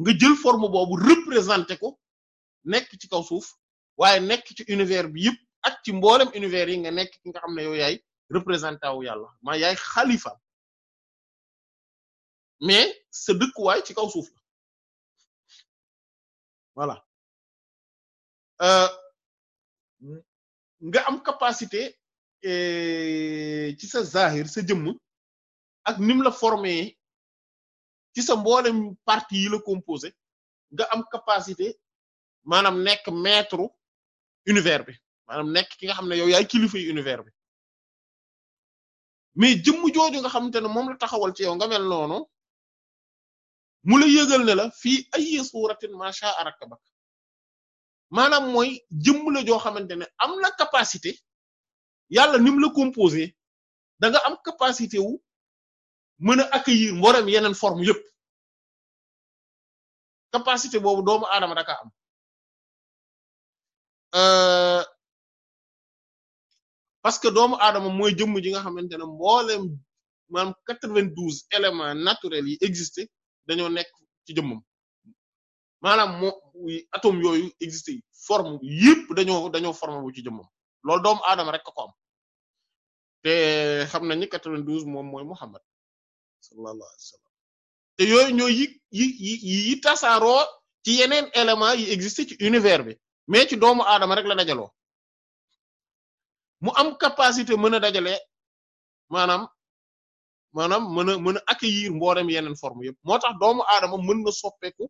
Speaker 2: nga jël forme boobu représenter ko nekk ci kaw suuf waaye nekk ci univers bi yëpp ak ci mboolem univers yi nga nekk nga xam ne yow yaay représentant wu yàlla maa yaay xalifa mais sa dëkkuwaay ci kaw suuf la voilà euh, nga am capacité euh, ci sa zahir sa jëmm
Speaker 1: ak nim la formé ci sa mboolem partie yi la composé nga am capacité maanaam nekk maître univers bi maanaam nekk
Speaker 2: ki nga xam ne yow yaay kilifa yi univers bi mais jëmm jooju nga xamante ne moom la taxawal ci yow nga mel noonu mu la yëgal ne la fii ay
Speaker 1: suratin macha rakabak maanaam mooy jëmm la joo xamante ne
Speaker 2: am na capacité yàlla ni mu la composé da nga am capacité wu mën a accueillir mboolem yeneen forme yëpp capacité boobu doomu aadama da ka am. Euh, parce que doomu aadama mooy jëmm ji nga xamante ne mboolem maam
Speaker 1: quatre-vingt-douze éléments naturels yi existé dañoo nekk ci jëmmam maanaam moo atome yooyu existé yi forme yëpp dañoo dañoo forme bu ci jëmmam loolu doomu aadama rek ko am te xam nañu quatre-vingt-douze moom mooy Muhammad sallallahu te yooyu ñooyi yi yi yi tasaaroo ci yeneen éléments yi existé ci univers bi mais ci doomu aadama rek la dajaloo mu am capacité mën a dajale maanaam maanaam mën a mën yiir accueillir mboolem yeneen forme yëpp moo tax doomu aadama mën na soppeeku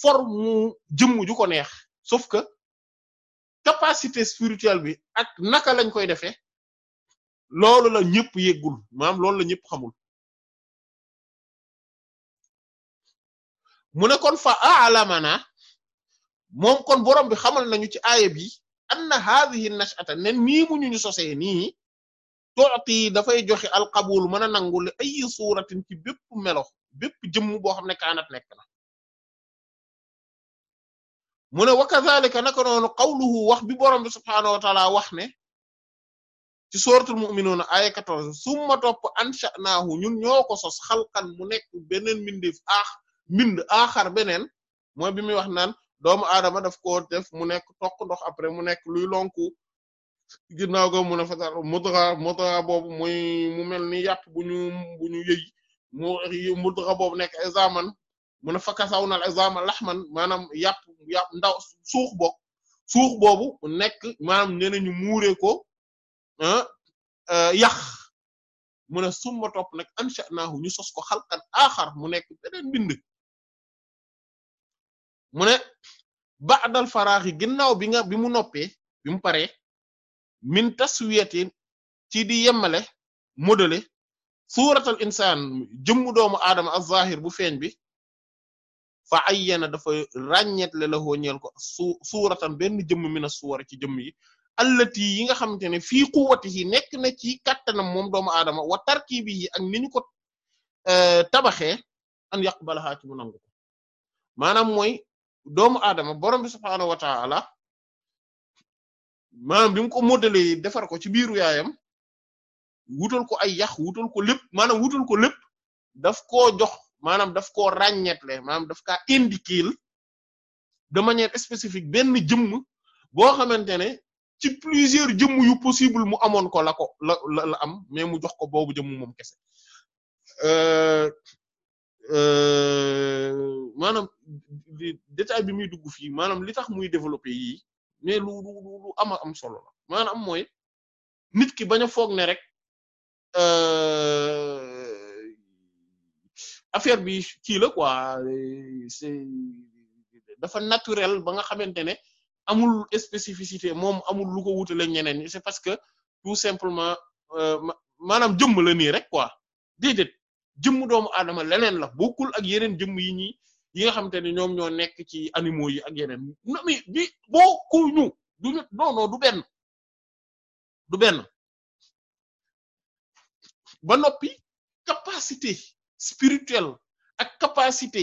Speaker 1: forme mu jëmm ju ko neex sauf que capacité spirituelle
Speaker 2: bi ak naka lañ koy defee loolu la ñëpp yeggul maanaam loolu la ñëpp xamul mu ne kon fa alamana moom kon borom bi xamal nañu ci aaya bi anna hadhihi
Speaker 1: nash'ata ne nii mu ñu sosee nii tuuti dafay joxe alqabul mën a nangu li ay suuratin ci bépp melo bépp jëmm boo xam ne kaanat nekk na. ne wa kadhalika naka noonu qawluhu wax bi borom bi subhaanahu wax ne ci suratul mu'minuuna aya 14 summa topp ansha'naahu ñun ñoo ko sos xalqan mu nekk beneen mbindeef aax mbind aaxar beneen mooy bi muy wax naan. doomu aadama def ko def mu nekk toq ndox après mu nekk luy lonku ginnaaw ga mu ne fatar mudra mudra boobu muy mu mel ni yàpp bu ñu bu mu mudra boobu nekk examen mu ne fa kasaw na examen laxman maanaam yàpp ndaw suux bokk suux boobu nekk maanaam
Speaker 2: nee ñu muure ko ah, ah yàq mu ne summa topp nag ansha'nahu ñu sos ko xalqan axar mu nekk beneen bind
Speaker 1: mu ba'dal faraax yi ginnaaw bi nga bi mu noppee bi mu paree min taswiyatin ci di yemmale modele suuratal insaan jëmmu doomu aadama az-zahir bu feeñ bi fa ayyana dafa ràññeetle la ñeel ko su suuratan benn jëmm mina suwar ci jëmm yi allati yi nga xamante ne fii quwwatihi nekk na ci kattanam moom doomu aadama wa tarkibihi ak ni ñu ko eh, tabaxee an yaqbalaha ci mu nangu ko maanaam doomu aadama borom bi subhaanahu wa ta'ala maanaam bi ko modelé defar ko ci biiru yaayam wutal ko ay yax wutal ko lépp maanaam wutul ko lépp daf koo jox maanaam daf ko ràññeekle maanaam daf kaa indiquer de manière specifique benn jëmm boo xamante ne ci plusieurs jëmm yu possible mu amoon ko la ko la la am mais mu jox ko boobu jëmm moom kese euh, Euh, maanaam détail bi muy dugg fii maanaam li tax muy développer yii mais lu lu lu ama am solo la maanaam mooy nit ki bañ a foog ne rek
Speaker 2: euh, affaire bi kii la quoi c'est
Speaker 1: dafa naturel ba nga xamante ne amul spécificité moom amul lu ko wutale ñeneen ñi c'est parce que tout simplement euh, maanaam jëmm la nii rek quoi déedéet. jëmm doomu aadama leneen la bokkul ak yeneen jëmm yi ñi yi nga xamante ne ñoom
Speaker 2: ñoo nekk ci animaux yi ak yeneen nami bi bokkuñu du ñu non non du benn du benn ba noppi capacité spirituelle ak capacité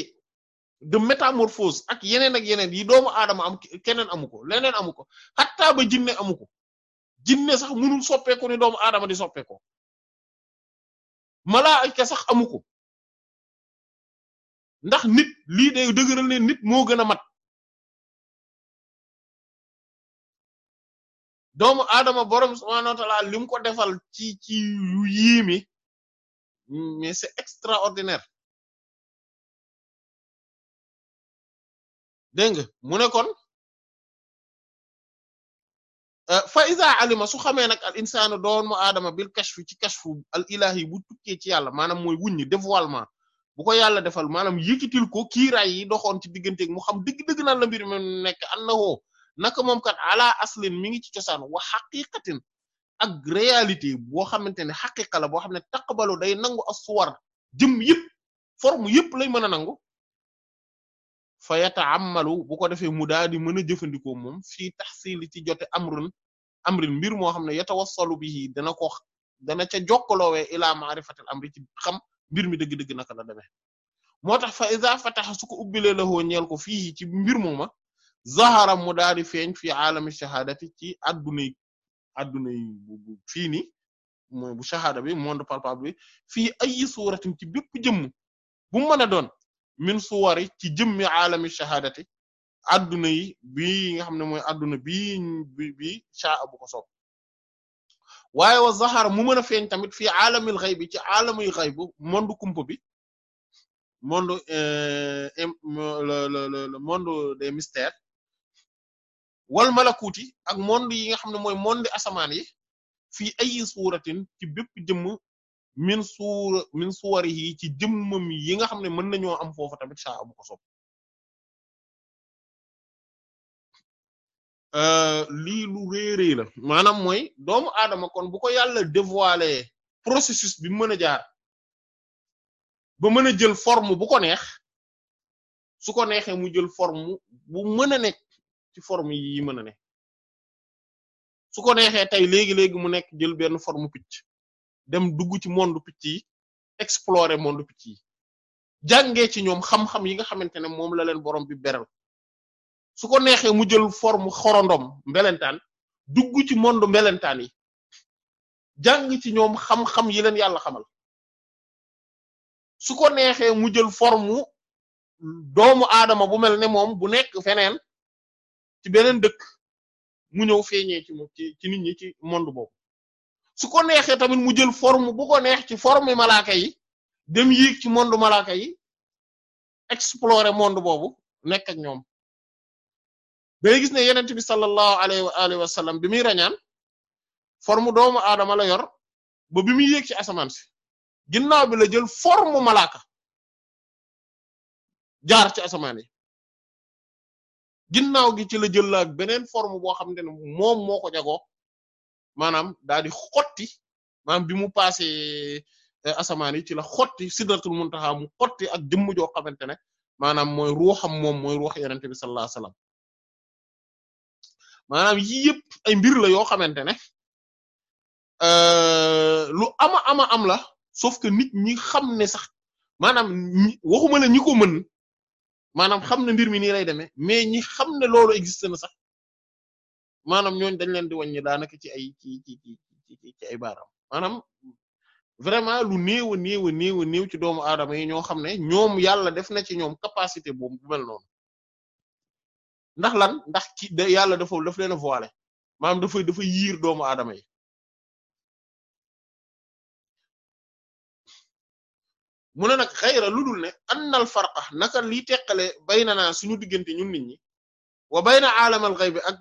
Speaker 2: de métamorphose
Speaker 1: ak yeneen ak yeneen yi doomu aadama am keneen amu ko leneen amu ko xattaa ba jinne amu ko
Speaker 2: jinne sax mënul soppeeku ni doomu aadama di soppeekoo malaayika sax amu ko ndax nit lii de dëgëral ne nit moo gën a mat doomu Adama borom subhaanahu wa ta'aala ko defal ci ci yu yéeme mais c'est extraordinaire dégg nga mu ne Euh, fa iza alima su xamee nag al insaanu doomu aadama bil kashfi ci kashfu al ilahi bu tukkee ci
Speaker 1: yàlla maanaam mooy wuññi dévoilement bu ko yàlla defal maanaam yëkkitil ko kiiraay yi doxoon ci digganteeg mu xam dëgg-dëgg naan la mbir mi nekk annahu naka moom kat ala aslin mi ngi ci cosaan wa xaqiqatin ak réalité boo xamante ne xaqiqa la boo xam ne taqbalu day nangu as suwar jëm yëpp forme yëpp lay mën a nangu fa yataammalu bu ko defee mu daal di mën a jëfandikoo moom fii tahsili ci jote amrun amrin mbir moo xam ne yatawassalu bihi dana ko dana ca jokkaloowee ila ma'rifatil amri ci xam mbir mi dëgg-dëgg naka la demee moo tax fa iza fataha su ko ubbilee lahoo ñeel ko fii ci mbir mooma zahara mu daal di feeñ fi alami shahadati ci addunay addunay bu fii bu shahada bi monde bi fii ay suratin ci bépp jëmm mën doon min suwari ci jëmmi aalami shahadati adduna yi bii nga xam ne mooy adduna bi bi caa bu ko soob waaye wa zahara mu mën a feeñ tamit fii aalamil xayb ci aalamil xayb bu monde kumpa bi monde euh, le le le monde des mystères wal malakuuti ak monde yi nga xam ne mooy monde yi fii ay suuratin ci bépp jëmm min suur
Speaker 2: min suwarihi ci jëmmam yi nga xam ne mën nañoo am foofu tamit saa bu ko sopp euh, lii lu réeréy la
Speaker 1: maanaam mooy doomu aadama kon bu ko yàlla dévoiler processus bi mën a jaar
Speaker 2: ba mën a jël forme bu ko neex su ko neexee mu jël forme bu mën nekk ci forme yi mën a nekk
Speaker 1: su ko neexee tey léegi léegi mu nekk jël benn formu picc dem dugg ci monde picc yi explorer monde picc yi jàngee ci ñoom xam-xam yi nga xamante ne moom la leen borom bi beral su ko neexee mu jël forme xorondom mbelentaan dugg ci monde mbelentaan yi jàng ci ñoom xam-xam yi leen yàlla xamal
Speaker 2: su ko neexee mu jël forme doomu aadama bu mel ne moom bu nekk feneen ci beneen dëkk mu ñëw feeñee ci moom ci
Speaker 1: ñi ci monde boobu su ko neexee tamit mu jël forme bu ko neex ci forme malaaka yi dem yéeg ci monde malaaka yi explorer monde boobu nekk ak ñoom day gis ne yeneen bi sallallahu alayhi wa alihi bi muy rañaan
Speaker 2: formu doomu aadama la yor ba bi muy yéeg ci asamaan si ginnaaw bi la jël forme malaaka jaar ci asamaan yi ginnaaw gi ci la jël laak beneen forme boo xam ne moom moo ko jagoo
Speaker 1: maanaam daal di xotti maanaam bi mu passé eh, asamaan yi ci la xotti sidratul muntaha mu xotti ak jëmm joo xamante ne maanaam mooy ruuxam moom mooy
Speaker 2: ruux yonent bi sallallahu alayhi wasallam maanaam yii yëpp ay mbir la yoo xamante ne eh, lu ama ama am la sauf que nit
Speaker 1: ñi xam ne sax maanaam waxuma la ñi ko mën maanaam xam ne mbir mi nii lay demee mais ñi xam ne loolu existe na sax maanaam ñooñu dañ leen di wàññi daanaka ci ay ci ci ci ci ay baaraam maanaam vraiment lu néew a néew a néew a néew ci doomu aadama yi ñoo xam ne ñoom yàlla def na ci ñoom capacité boobu bu mel noonu
Speaker 2: ndax lan ndax ci yàlla dafa daf leen a voilé maanaam dafay dafa yiir doomu aadama yi mu ne nag xayra lu dul ne annal farqa naka liy teqale bay na naa suñu
Speaker 1: diggante ñun nit ñi. wa bayna alamal ghaybi ak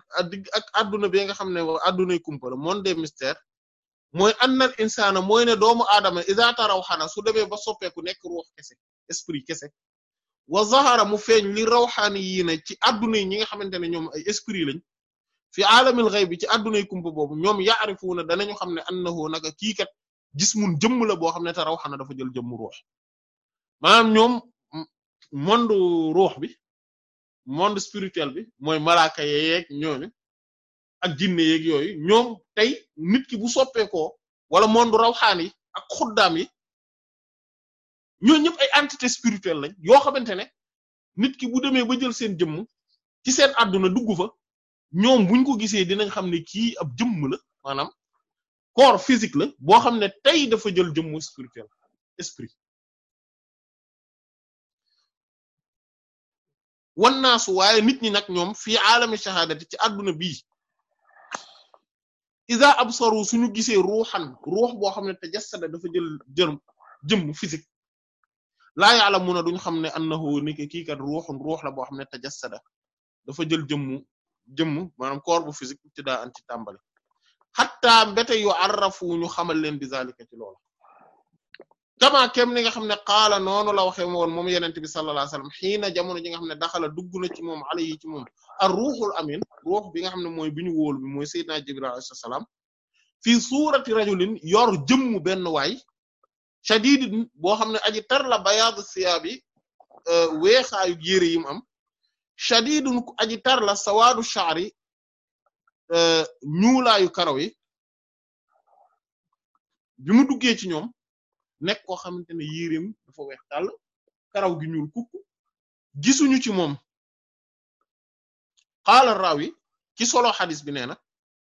Speaker 1: ak adduna bi nga xam ne addunay kumpa la monde des mooy annal insaana mooy ne doomu aadama raw tarawhana su demee ba soppeeku nekk ruux kese esprit kese wa zahara mu feeñ li rawxaani yii na ci adduna yi ñi nga xamante ne ñoom ay esprit lañ fi alamil bi ci addunay kumpa boobu ñoom ya'rifuna danañu xam ne annahu naka kii kat jismun jëmm la boo xam ne te rawxana dafa jël jëmm ruux maanaam ñoom monde ruux bi. monde spirituel bi mooy malaaka yeeg ñooñu ak jinne yeeg yooyu ñoom tey nit ki bu soppeekoo wala monde rawxaan yi ak xuddaam yi ñoo ñëpp ay entité spirituelle lañ yoo xamante ne nit ki bu demee ba jël seen jëmm ci seen àdduna dugg fa ñoom buñ ko gisee dinañ xam ne kii ab jëmm
Speaker 2: la maanaam corps physique la boo xam ne tey dafa jël jëmmu spirituel esprit wan naasu waaye nit ñi nag ñoom fii aalami shahaadati ci adduna bii
Speaker 1: isa absaru suñu gisee ruuxan ruux boo xam ne tajassada dafa jël jërm jëmm physique laa ya'lamuna duñ xam ne annahu ni kii kat ruuxun la boo xam ne tajassada dafa jël jëmmu jëmm maanaam corps bu physique ibtidaan ci tàmbali xatta mbete yu arrafu ñu xamal leen di zalika ci loola kama kem nga xam ne qaala noonu la waxee woon moom yenente bi sallallahu alayhi wasallam xiina jamono ji nga xam ne a dugg na ci moom alayhi ci moom ar ruuxul amin ruux bi nga xam ne mooy bi ñu wóolu bi mooy sayyidina jibril alayhi salaam fii suurati rajulin yor jëmmu benn waay shadidin boo xam ne aji tar la bayaadu siyaabi euh, weexaayu am shadidun ku sawaadu sha'ri euh, ñuulaayu karaw yi bi mu duggee ci ñoom nekk koo xamante ne yéreem dafa weex tàll karaw gi ñuul kukk gisuñu ci moom qaala rawi ki solo xadis bi nee na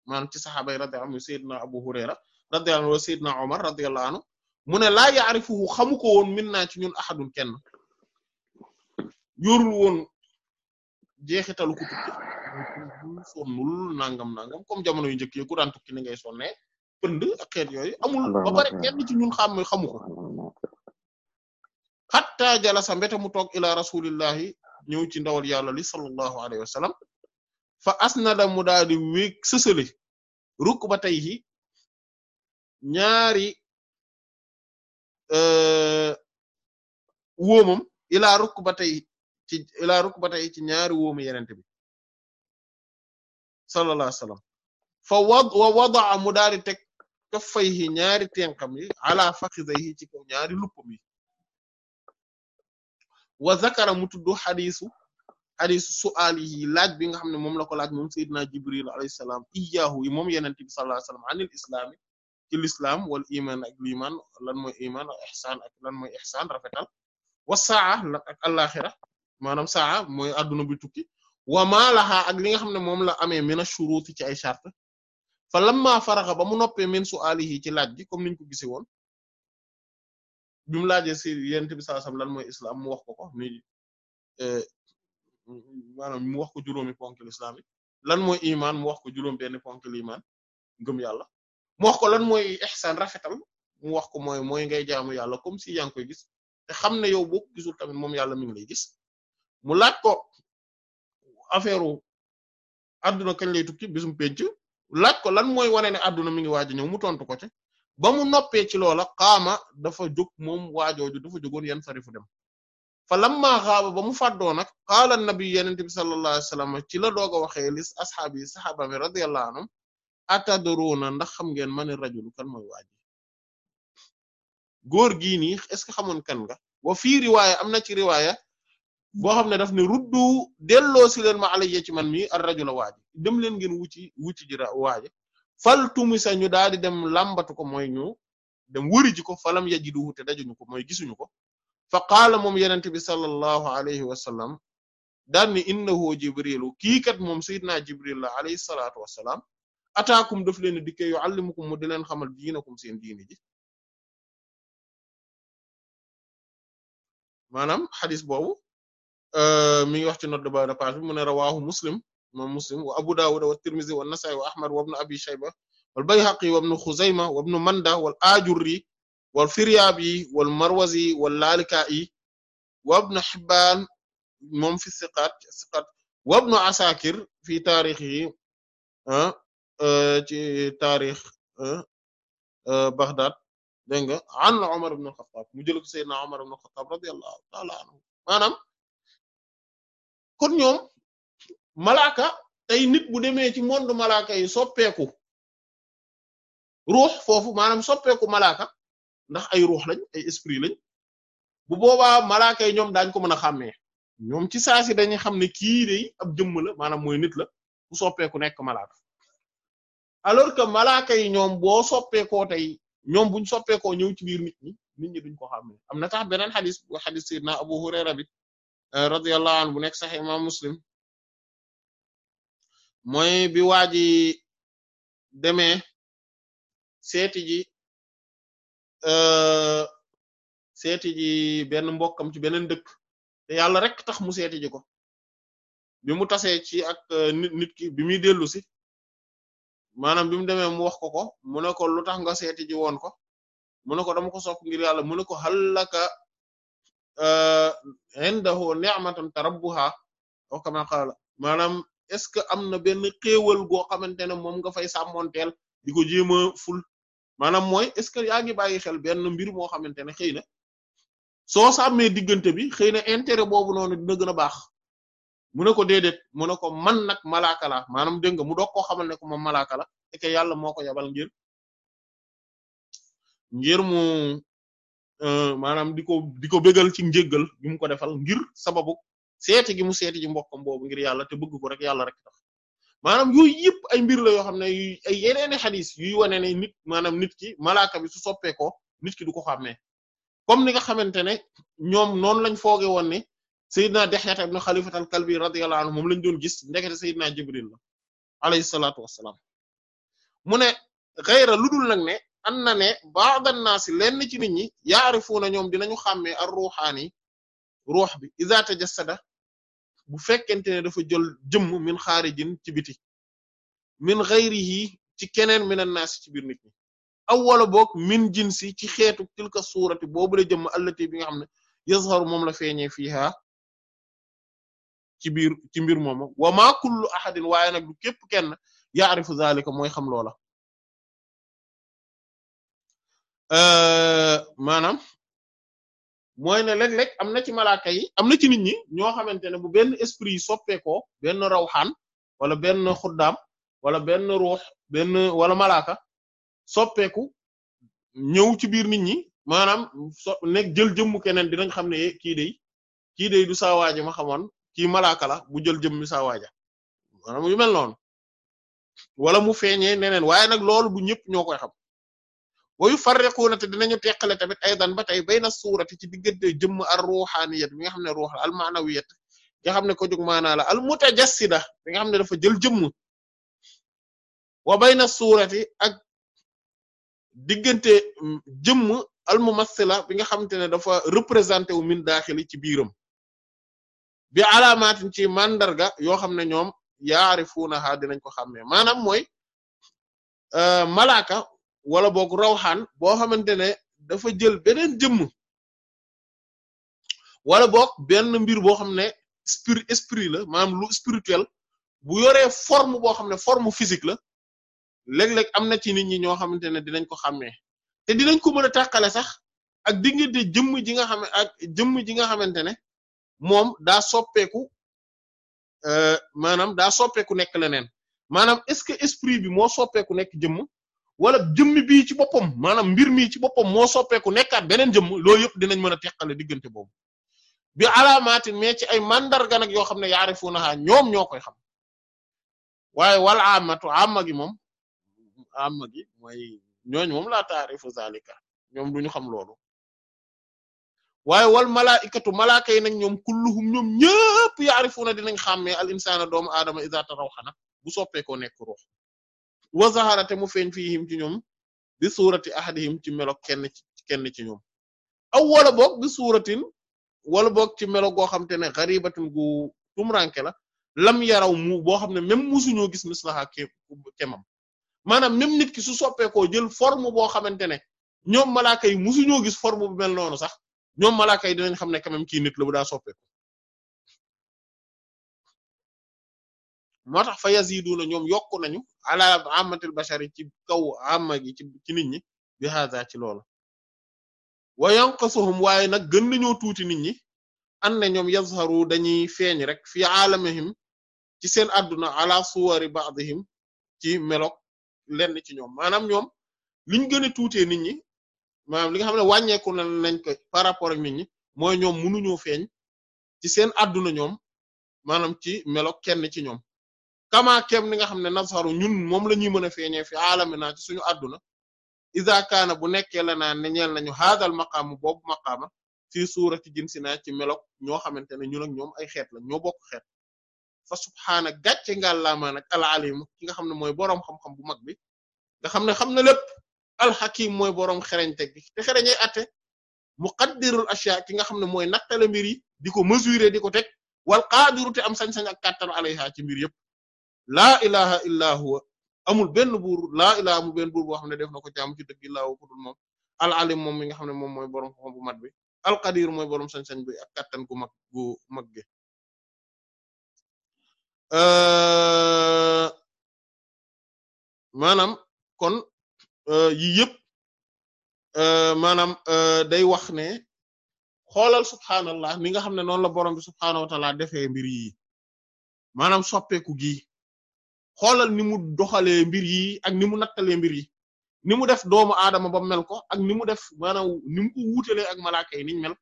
Speaker 1: maanaam ci saxaaba yi radiyallahu anhu sayyidina Abu Hurayra radiyallahu anhu sayyidina Umar radiyallahu anhu mu ne laa ya'rifuhu xamu ko woon min naa ci ñun ahadun kenn yorul woon jeexitalu ku tukki sonnul nangam nangam comme jamono yu njëkk yi ku daan tukki ni ngay sonnee pënd ak xeet yooyu amul ba pare kenn ci ñun xam xamu ko xatta jalasa mbete mu took ila rasulillahi ñëw ci ndawal yàlla li sallallahu alayhi wa fa asnada mu daal di wéeg sësale
Speaker 2: rukbatayhi ñaari euh, wóomam ila rukbatayhi ci ila rukbatayhi
Speaker 1: ci ñaari wóomu yenente bi sallallahu alayhi wa sallam fa wa wada'a mu daal di kaffayhi ñaari tenkam yi ala fakhidayhi ci kaw ñaari luppam yi wa zakara mu tudd xadisu xadisu su'aalihi laaj bi nga xam ne moom la ko laaj moom sayyidina jibril alayhi salaam iyyahu yi moom yenente bi sallallahu alayhi wasallam anil islaami ci l'islam wal iman ak liman lan mooy iman ak ihsan ak lan mooy ihsan rafetal wa ak alaxira maanaam saa mooy adduna bi tukki wa ma ak li nga xam ne moom la amee mina shuruti ci ay charte fa lamma faraxa ba mu noppee min su'aalihi ci laaj gi comme niñ ko gise woon bi mu laajee si yent bi sallallahu alayhi wasallam lan mooy islam mu wax ko ko ni e, maanaam mu wax ko juróomi ponk l'islam yi lan mooy iman mu wax ko juróom benn ponk iman ngëm yàlla mu wax ko lan mooy ihsan rafetal mu wax ko mooy mooy ngay jaamu yàlla comme si yaa ngi koy gis te xam ne yow boo ko tamit moom yàlla mi ngi lay gis mu laaj ko affaire u adduna kañ lay tukki bisum penc laaj ko lan mooy wane ne adduna mi ngi waaj a ñëw mu tontu ko ci ba mu noppee ci loola xaama dafa jóg moom waajooju dafa jógoon yan sarifu dem fa lamma xaaba ba mu fàddoo nag qaala nabi yenente bi sallallahu alayhi wasallam ci la doog a waxee lis asxaab yi saxaaba mi radiyallahu anhum atadruna ndax xam ngeen man rajulu kan mooy waaji góor gii nii est ce xamoon kan nga wa fii riwaaya am na ci riwaaya boo xam ne daf ne ruddu delloo si leen ma alayya ci man mi ar rajula waaji dem leen ngeen wuci wuci a waaji fal tumisa ñu daal di dem làmbatu ko mooy ñu dem wëri ji ko falam yajidu te dajuñu ko mooy gisuñu ko fa qaala moom yenent bi sallallahu alayhi wa sallam daal ni innahu jibrilu kii kat moom sayyidina jibril la alayhi salaatu wassalaam ataakum def
Speaker 2: leen dikke yuallimukum mu di xamal diinakum seen diini ji maanaam xadis boobu Euh, mi ngi wax ci note de
Speaker 1: bas de page bi mu ne rawahu muslim moom wa abu dawud wa tirmizi wa nasai wa wa ibn abi shayba wal bayhaqi wa ibn khuzayma wa ibn marwazi wal lalika'i wa ibn hibban moom fi siqat siqat wa ibn asakir fi tarixihi ah, euh, ah, euh, Baghdad dégg nga an Umar ibn al-Khattab mu jël ko Seydina Umar ibn al ta'ala anhu kon ñoom malaaka tey nit bu demee ci monde malaaka yi soppeeku ruux foofu maanaam soppeeku malaaka ndax ay ruux lañ ay esprit lañ bu boobaa malaaka yi ñoom daañ ko mën a xàmmee ñoom ci saa si dañuy xam ne kii day ab jëmm la maanaam mooy nit la bu soppeeku nekk malaaka alors que malaaka yi ñoom boo soppeekoo tey ñoom buñ soppeekoo ñëw ci biir nit ñi nit ñi duñ ko xàmmee am na tax beneen xadis bu xadis sayyidina Abu Hurayra bi Eh, radiyallahu anhu bu nekk sax imam muslim
Speaker 2: mooy bi waa ji demee seeti ji eh, seeti ji benn mbokkam ci beneen dëkk te yàlla rek tax mu seeti ji ko
Speaker 1: bi mu tasee ci ak eh, nit nit ki bi muy dellu si maanaam bi mu demee mu wax ko ko mu lu tax nga seeti ji woon ko ngir yàlla mu ne indahu ni'matun tarabbuha aw kama qala maanaam est ce que am na benn xéewal goo xamante ne moom nga fay sàmmonteel di ko jéem ful maanaam mooy est ce que yaa ngi bàyyi xel benn mbir moo xamante ne xëy na soo sàmmee diggante bi xëy na intérêt boobu noonu dina gën a baax mu ne ko déedéet mu ne ko man nag malaaka la maanaam dégg nga mu doog koo xamal ne ko moom malaaka la et que yàlla moo ko yabal ngir
Speaker 2: ngir Euh,
Speaker 1: maanaam di ko di ko bégal ci njéggal bi mu ko defal ngir sababu seeti gi mu seeti ci mbokkam boobu ngir yàlla te bëgg ko rek yàlla rek tax maanaam yooyu yëpp ay mbir la yoo xam ne ay yeneeni xadis yuy wane ne nit maanaam nit ki malaaka bi su soppeekoo nit ki du ko xàmmee comme ni nga xamante ne ñoom noonu lañ fooge woon ne Seydina Dexyata ibn Xalifat al-Kalbi radiyallahu anhu moom lañ doon gis ndekete Seydina Jibril la alayhi salaatu wassalaam mu lu dul nag ne an na ne ba'dannaasi lenn ci nit ñi yaarifuuna ñoom dinañu xàmmee ar ruuxaani ruux bi iza tajassada bu fekkente ne dafa jël jëmm min xaarijin ci biti min ghayrihi ci keneen minan naasi ci biir nit ñi boog min jinsi ci xeetu tilka suurati boobu la jëmm allati bi nga xam ne yazharu moom la feeñee fiha ci biir ci mbir moom wa ma kullu ahadin waaye nag du képp kenn yaarifu zalika mooy xam loola
Speaker 2: Euh, maanaam mooy ne léeg-léeg am na ci malaaka yi am na ci nit ñi ñoo xamante ne bu benn esprit yi
Speaker 1: soppeekoo benn rawxaan wala benn xuddaam wala benn ruux benn wala malaaka soppeeku ñëw ci biir nit ñi maanaam so nekk jël jëmmu keneen dinañ xam ne eh, kii day kii day du saawaaja ma xamoon kii malaaka la bu jël jëmmi saawaaja maanaam yu mel noonu wala mu feeñee neneen waaye nag loolu bu ñëpp ñoo koy xam wa yufarriquuna te dinañu teqale tamit aydan ba tey bayna suurati ci diggante jëmm ar ruuxaaniyat bi nga xam ne ruux la al ma'nawiyat nga xam ne ko jug maanaa la al bi nga xam ne dafa jël jëmm wa bayna suurati ak diggante mm, jëmm al mumassila bi nga xamante ne dafa représenté wu min daaxili ci biiram bi alaamaatin ci mandarga yoo xam ne ñoom yaarifuunaha dinañ ko xàmmee maanaam mooy euh, malaka wala boog rawxaan boo xamante ne dafa jël beneen jëmm wala boog benn mbir boo xam ne spirit esprit la maanaam lu spirituel bu yore forme boo xam ne forme physique la léeg-léeg am na ci nit ñi ñoo xamante ne dinañ ko xàmmee te dinañ ko mën a tàqale sax ak diggante jëmm ji nga xam ak jëmm ji nga xamante ne moom daa soppeeku euh, maanaam daa soppeeku nekk leneen maanaam est-ce que esprit bi moo soppeeku nekk jëmm wala jëmmi bii ci boppam maanaam mbir mii ci boppam moo soppeeku nekkaat beneen jëmm loolu yëpp dinañ mën a teqale diggante boobu bi alaamaatin mais ci ay mandarga nag yoo xam ne yaarifuunaha ñoom ñoo koy xam waaye wala amatu amma gi moom amma gi mooy ñooñ moom laa taarifu zalika ñoom ñu xam loolu waaye wal malaikatu malaaka yi nag ñoom kulluhum ñoom ñëpp yaarifuuna dinañ xàmmee al insaana doomu aadama iza xana bu soppeekoo nekk ruux wa zahara te mu feeñ fiihim ci ñoom bi suurati ahadihim ci melo kenn ci kenn ci ñoom aw wala bo bi suuratin wala boog ci melo goo xam te ne gharibatun gu tumranke la lam yaraw mu boo xam ne même musuñoo gis mislaha kemam maanaam même nit ki su soppeekoo jël forme boo xamante ne ñoom malaaka yi musuñoo gis forme bu mel noonu sax
Speaker 2: ñoom malaaka yi dinañ xam ne quand même kii nit la bu daa soppeeku moo tax fa yaziduna ñoom yokku nañu ala amatil bashari ci
Speaker 1: kaw amma gi ci ci nit ñi bi hada ci loolu wa yanqasuhum waaye nag gën nañoo tuuti nit ñi an na ñoom yazharu dañuy feeñ rek fi alamihim ci seen adduna ala suwari ba'dihim ci melok lenn ci ñoom maanaam ñoom liñ gën a tuutee nit ñi maanaam li nga xam ne wàññeeku na nañ ko par rapport ak nit ñi mooy ñoom mënuñoo feeñ ci seen adduna ñoom maanaam ci melok kenn ci ñoom kamaa kem ni nga xam ne nasaru ñun moom la ñuy mën a feeñee fi aalamina ci suñu àdduna iza kaana bu nekkee la naan ne ñeel nañu haadal maqaamu boobu maqaama fii suurati jinsinaa ci melok ñoo xamante ne ñun ak ñoom ay xeet la ñoo bokk xeet fa subhaana gàcce ngàllaamaa nag alalimu ki nga xam ne mooy boroom xam-xam bu mag bi nga xam ne xam na lépp alxakim mooy boroom xereñte gi te xereñay atte muqaddirul ashya ki nga xam ne mooy nattale mbir yi di ko mesurer di ko teg wal qaadiru te am sañ-sañ ak kàttan alayha ci mbir yëpp laa ilaha illa amul benn buur laa ilaha amul benn buur boo xam ne def na ko jaamu ci dëgg illaa ko al alim moom mi nga xam ne moom mooy boroom xam bu mat bi
Speaker 2: al qadir mooy boroom sañ-sañ bi ak kattan gu mag gu mag gi maanaam
Speaker 1: kon yi yëpp maanaam day wax ne xoolal subhaanallah ni nga xam ne noonu la boroom bi subhaanahu wa ta'ala defee mbir yi maanaam soppeeku gi xoolal ni mu doxalee mbir yi ak ni mu nattalee mbir yi ni mu def doomu aadama ba mel ko ak ni mu def maanaam ni mu ko wuutalee ak malaaka yi niñ mel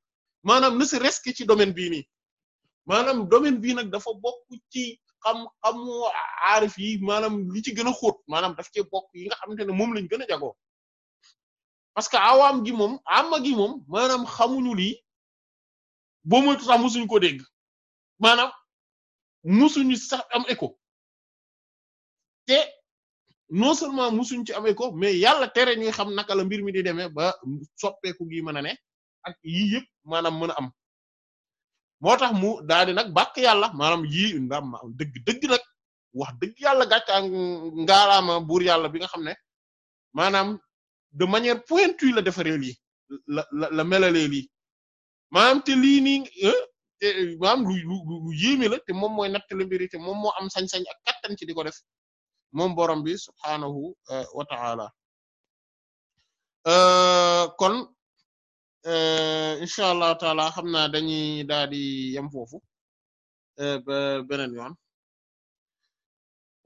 Speaker 1: maanaam ne se ci domaine bii nii maanaam domaine bii nag dafa bokk ci xam-xamu aarif yi maanaam li ci gën a xóot maanaam daf cee bokk yi nga xamante
Speaker 2: ne moom lañ gën a jagoo parce que awaam gi moom amma gi moom maanaam xamuñu lii boo moytu sax musuñu ko dégg maanaam musuñu sax am eko te non seulement musuñ ci
Speaker 1: amee ko mais yàlla tere ñuy xam naka la mbir mi di demee ba soppeeku gi mën a ne ak yii yëpp maanaam mën a am moo tax mu daal di nag bàkk yàlla maanaam yii ndax dëgg dëgg nag wax dëgg yàlla gàcca ngaalaama buur yàlla bi nga xam ne maanaam de manière pointue la defaree lii la la la melalee lii maanaam te lii nii maanaam lu lu lu yéeme la te moom mooy natt la mbiri te moom moo am sañ-sañ a kattan ci di ko def moom borom bi subhaanahu eh, wa eh, kon eh, incha allah taala xam naa dañuy daal di yem foofu ba beneen yoon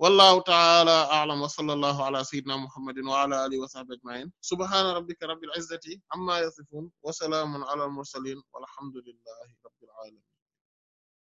Speaker 1: wallahu taala a'lam wa sallallahu ala sayyidina muhammadin
Speaker 2: wa ala alihi wa sahbihi ajma'in
Speaker 1: subhana rabbika rabbil izzati amma yasifun wa alamin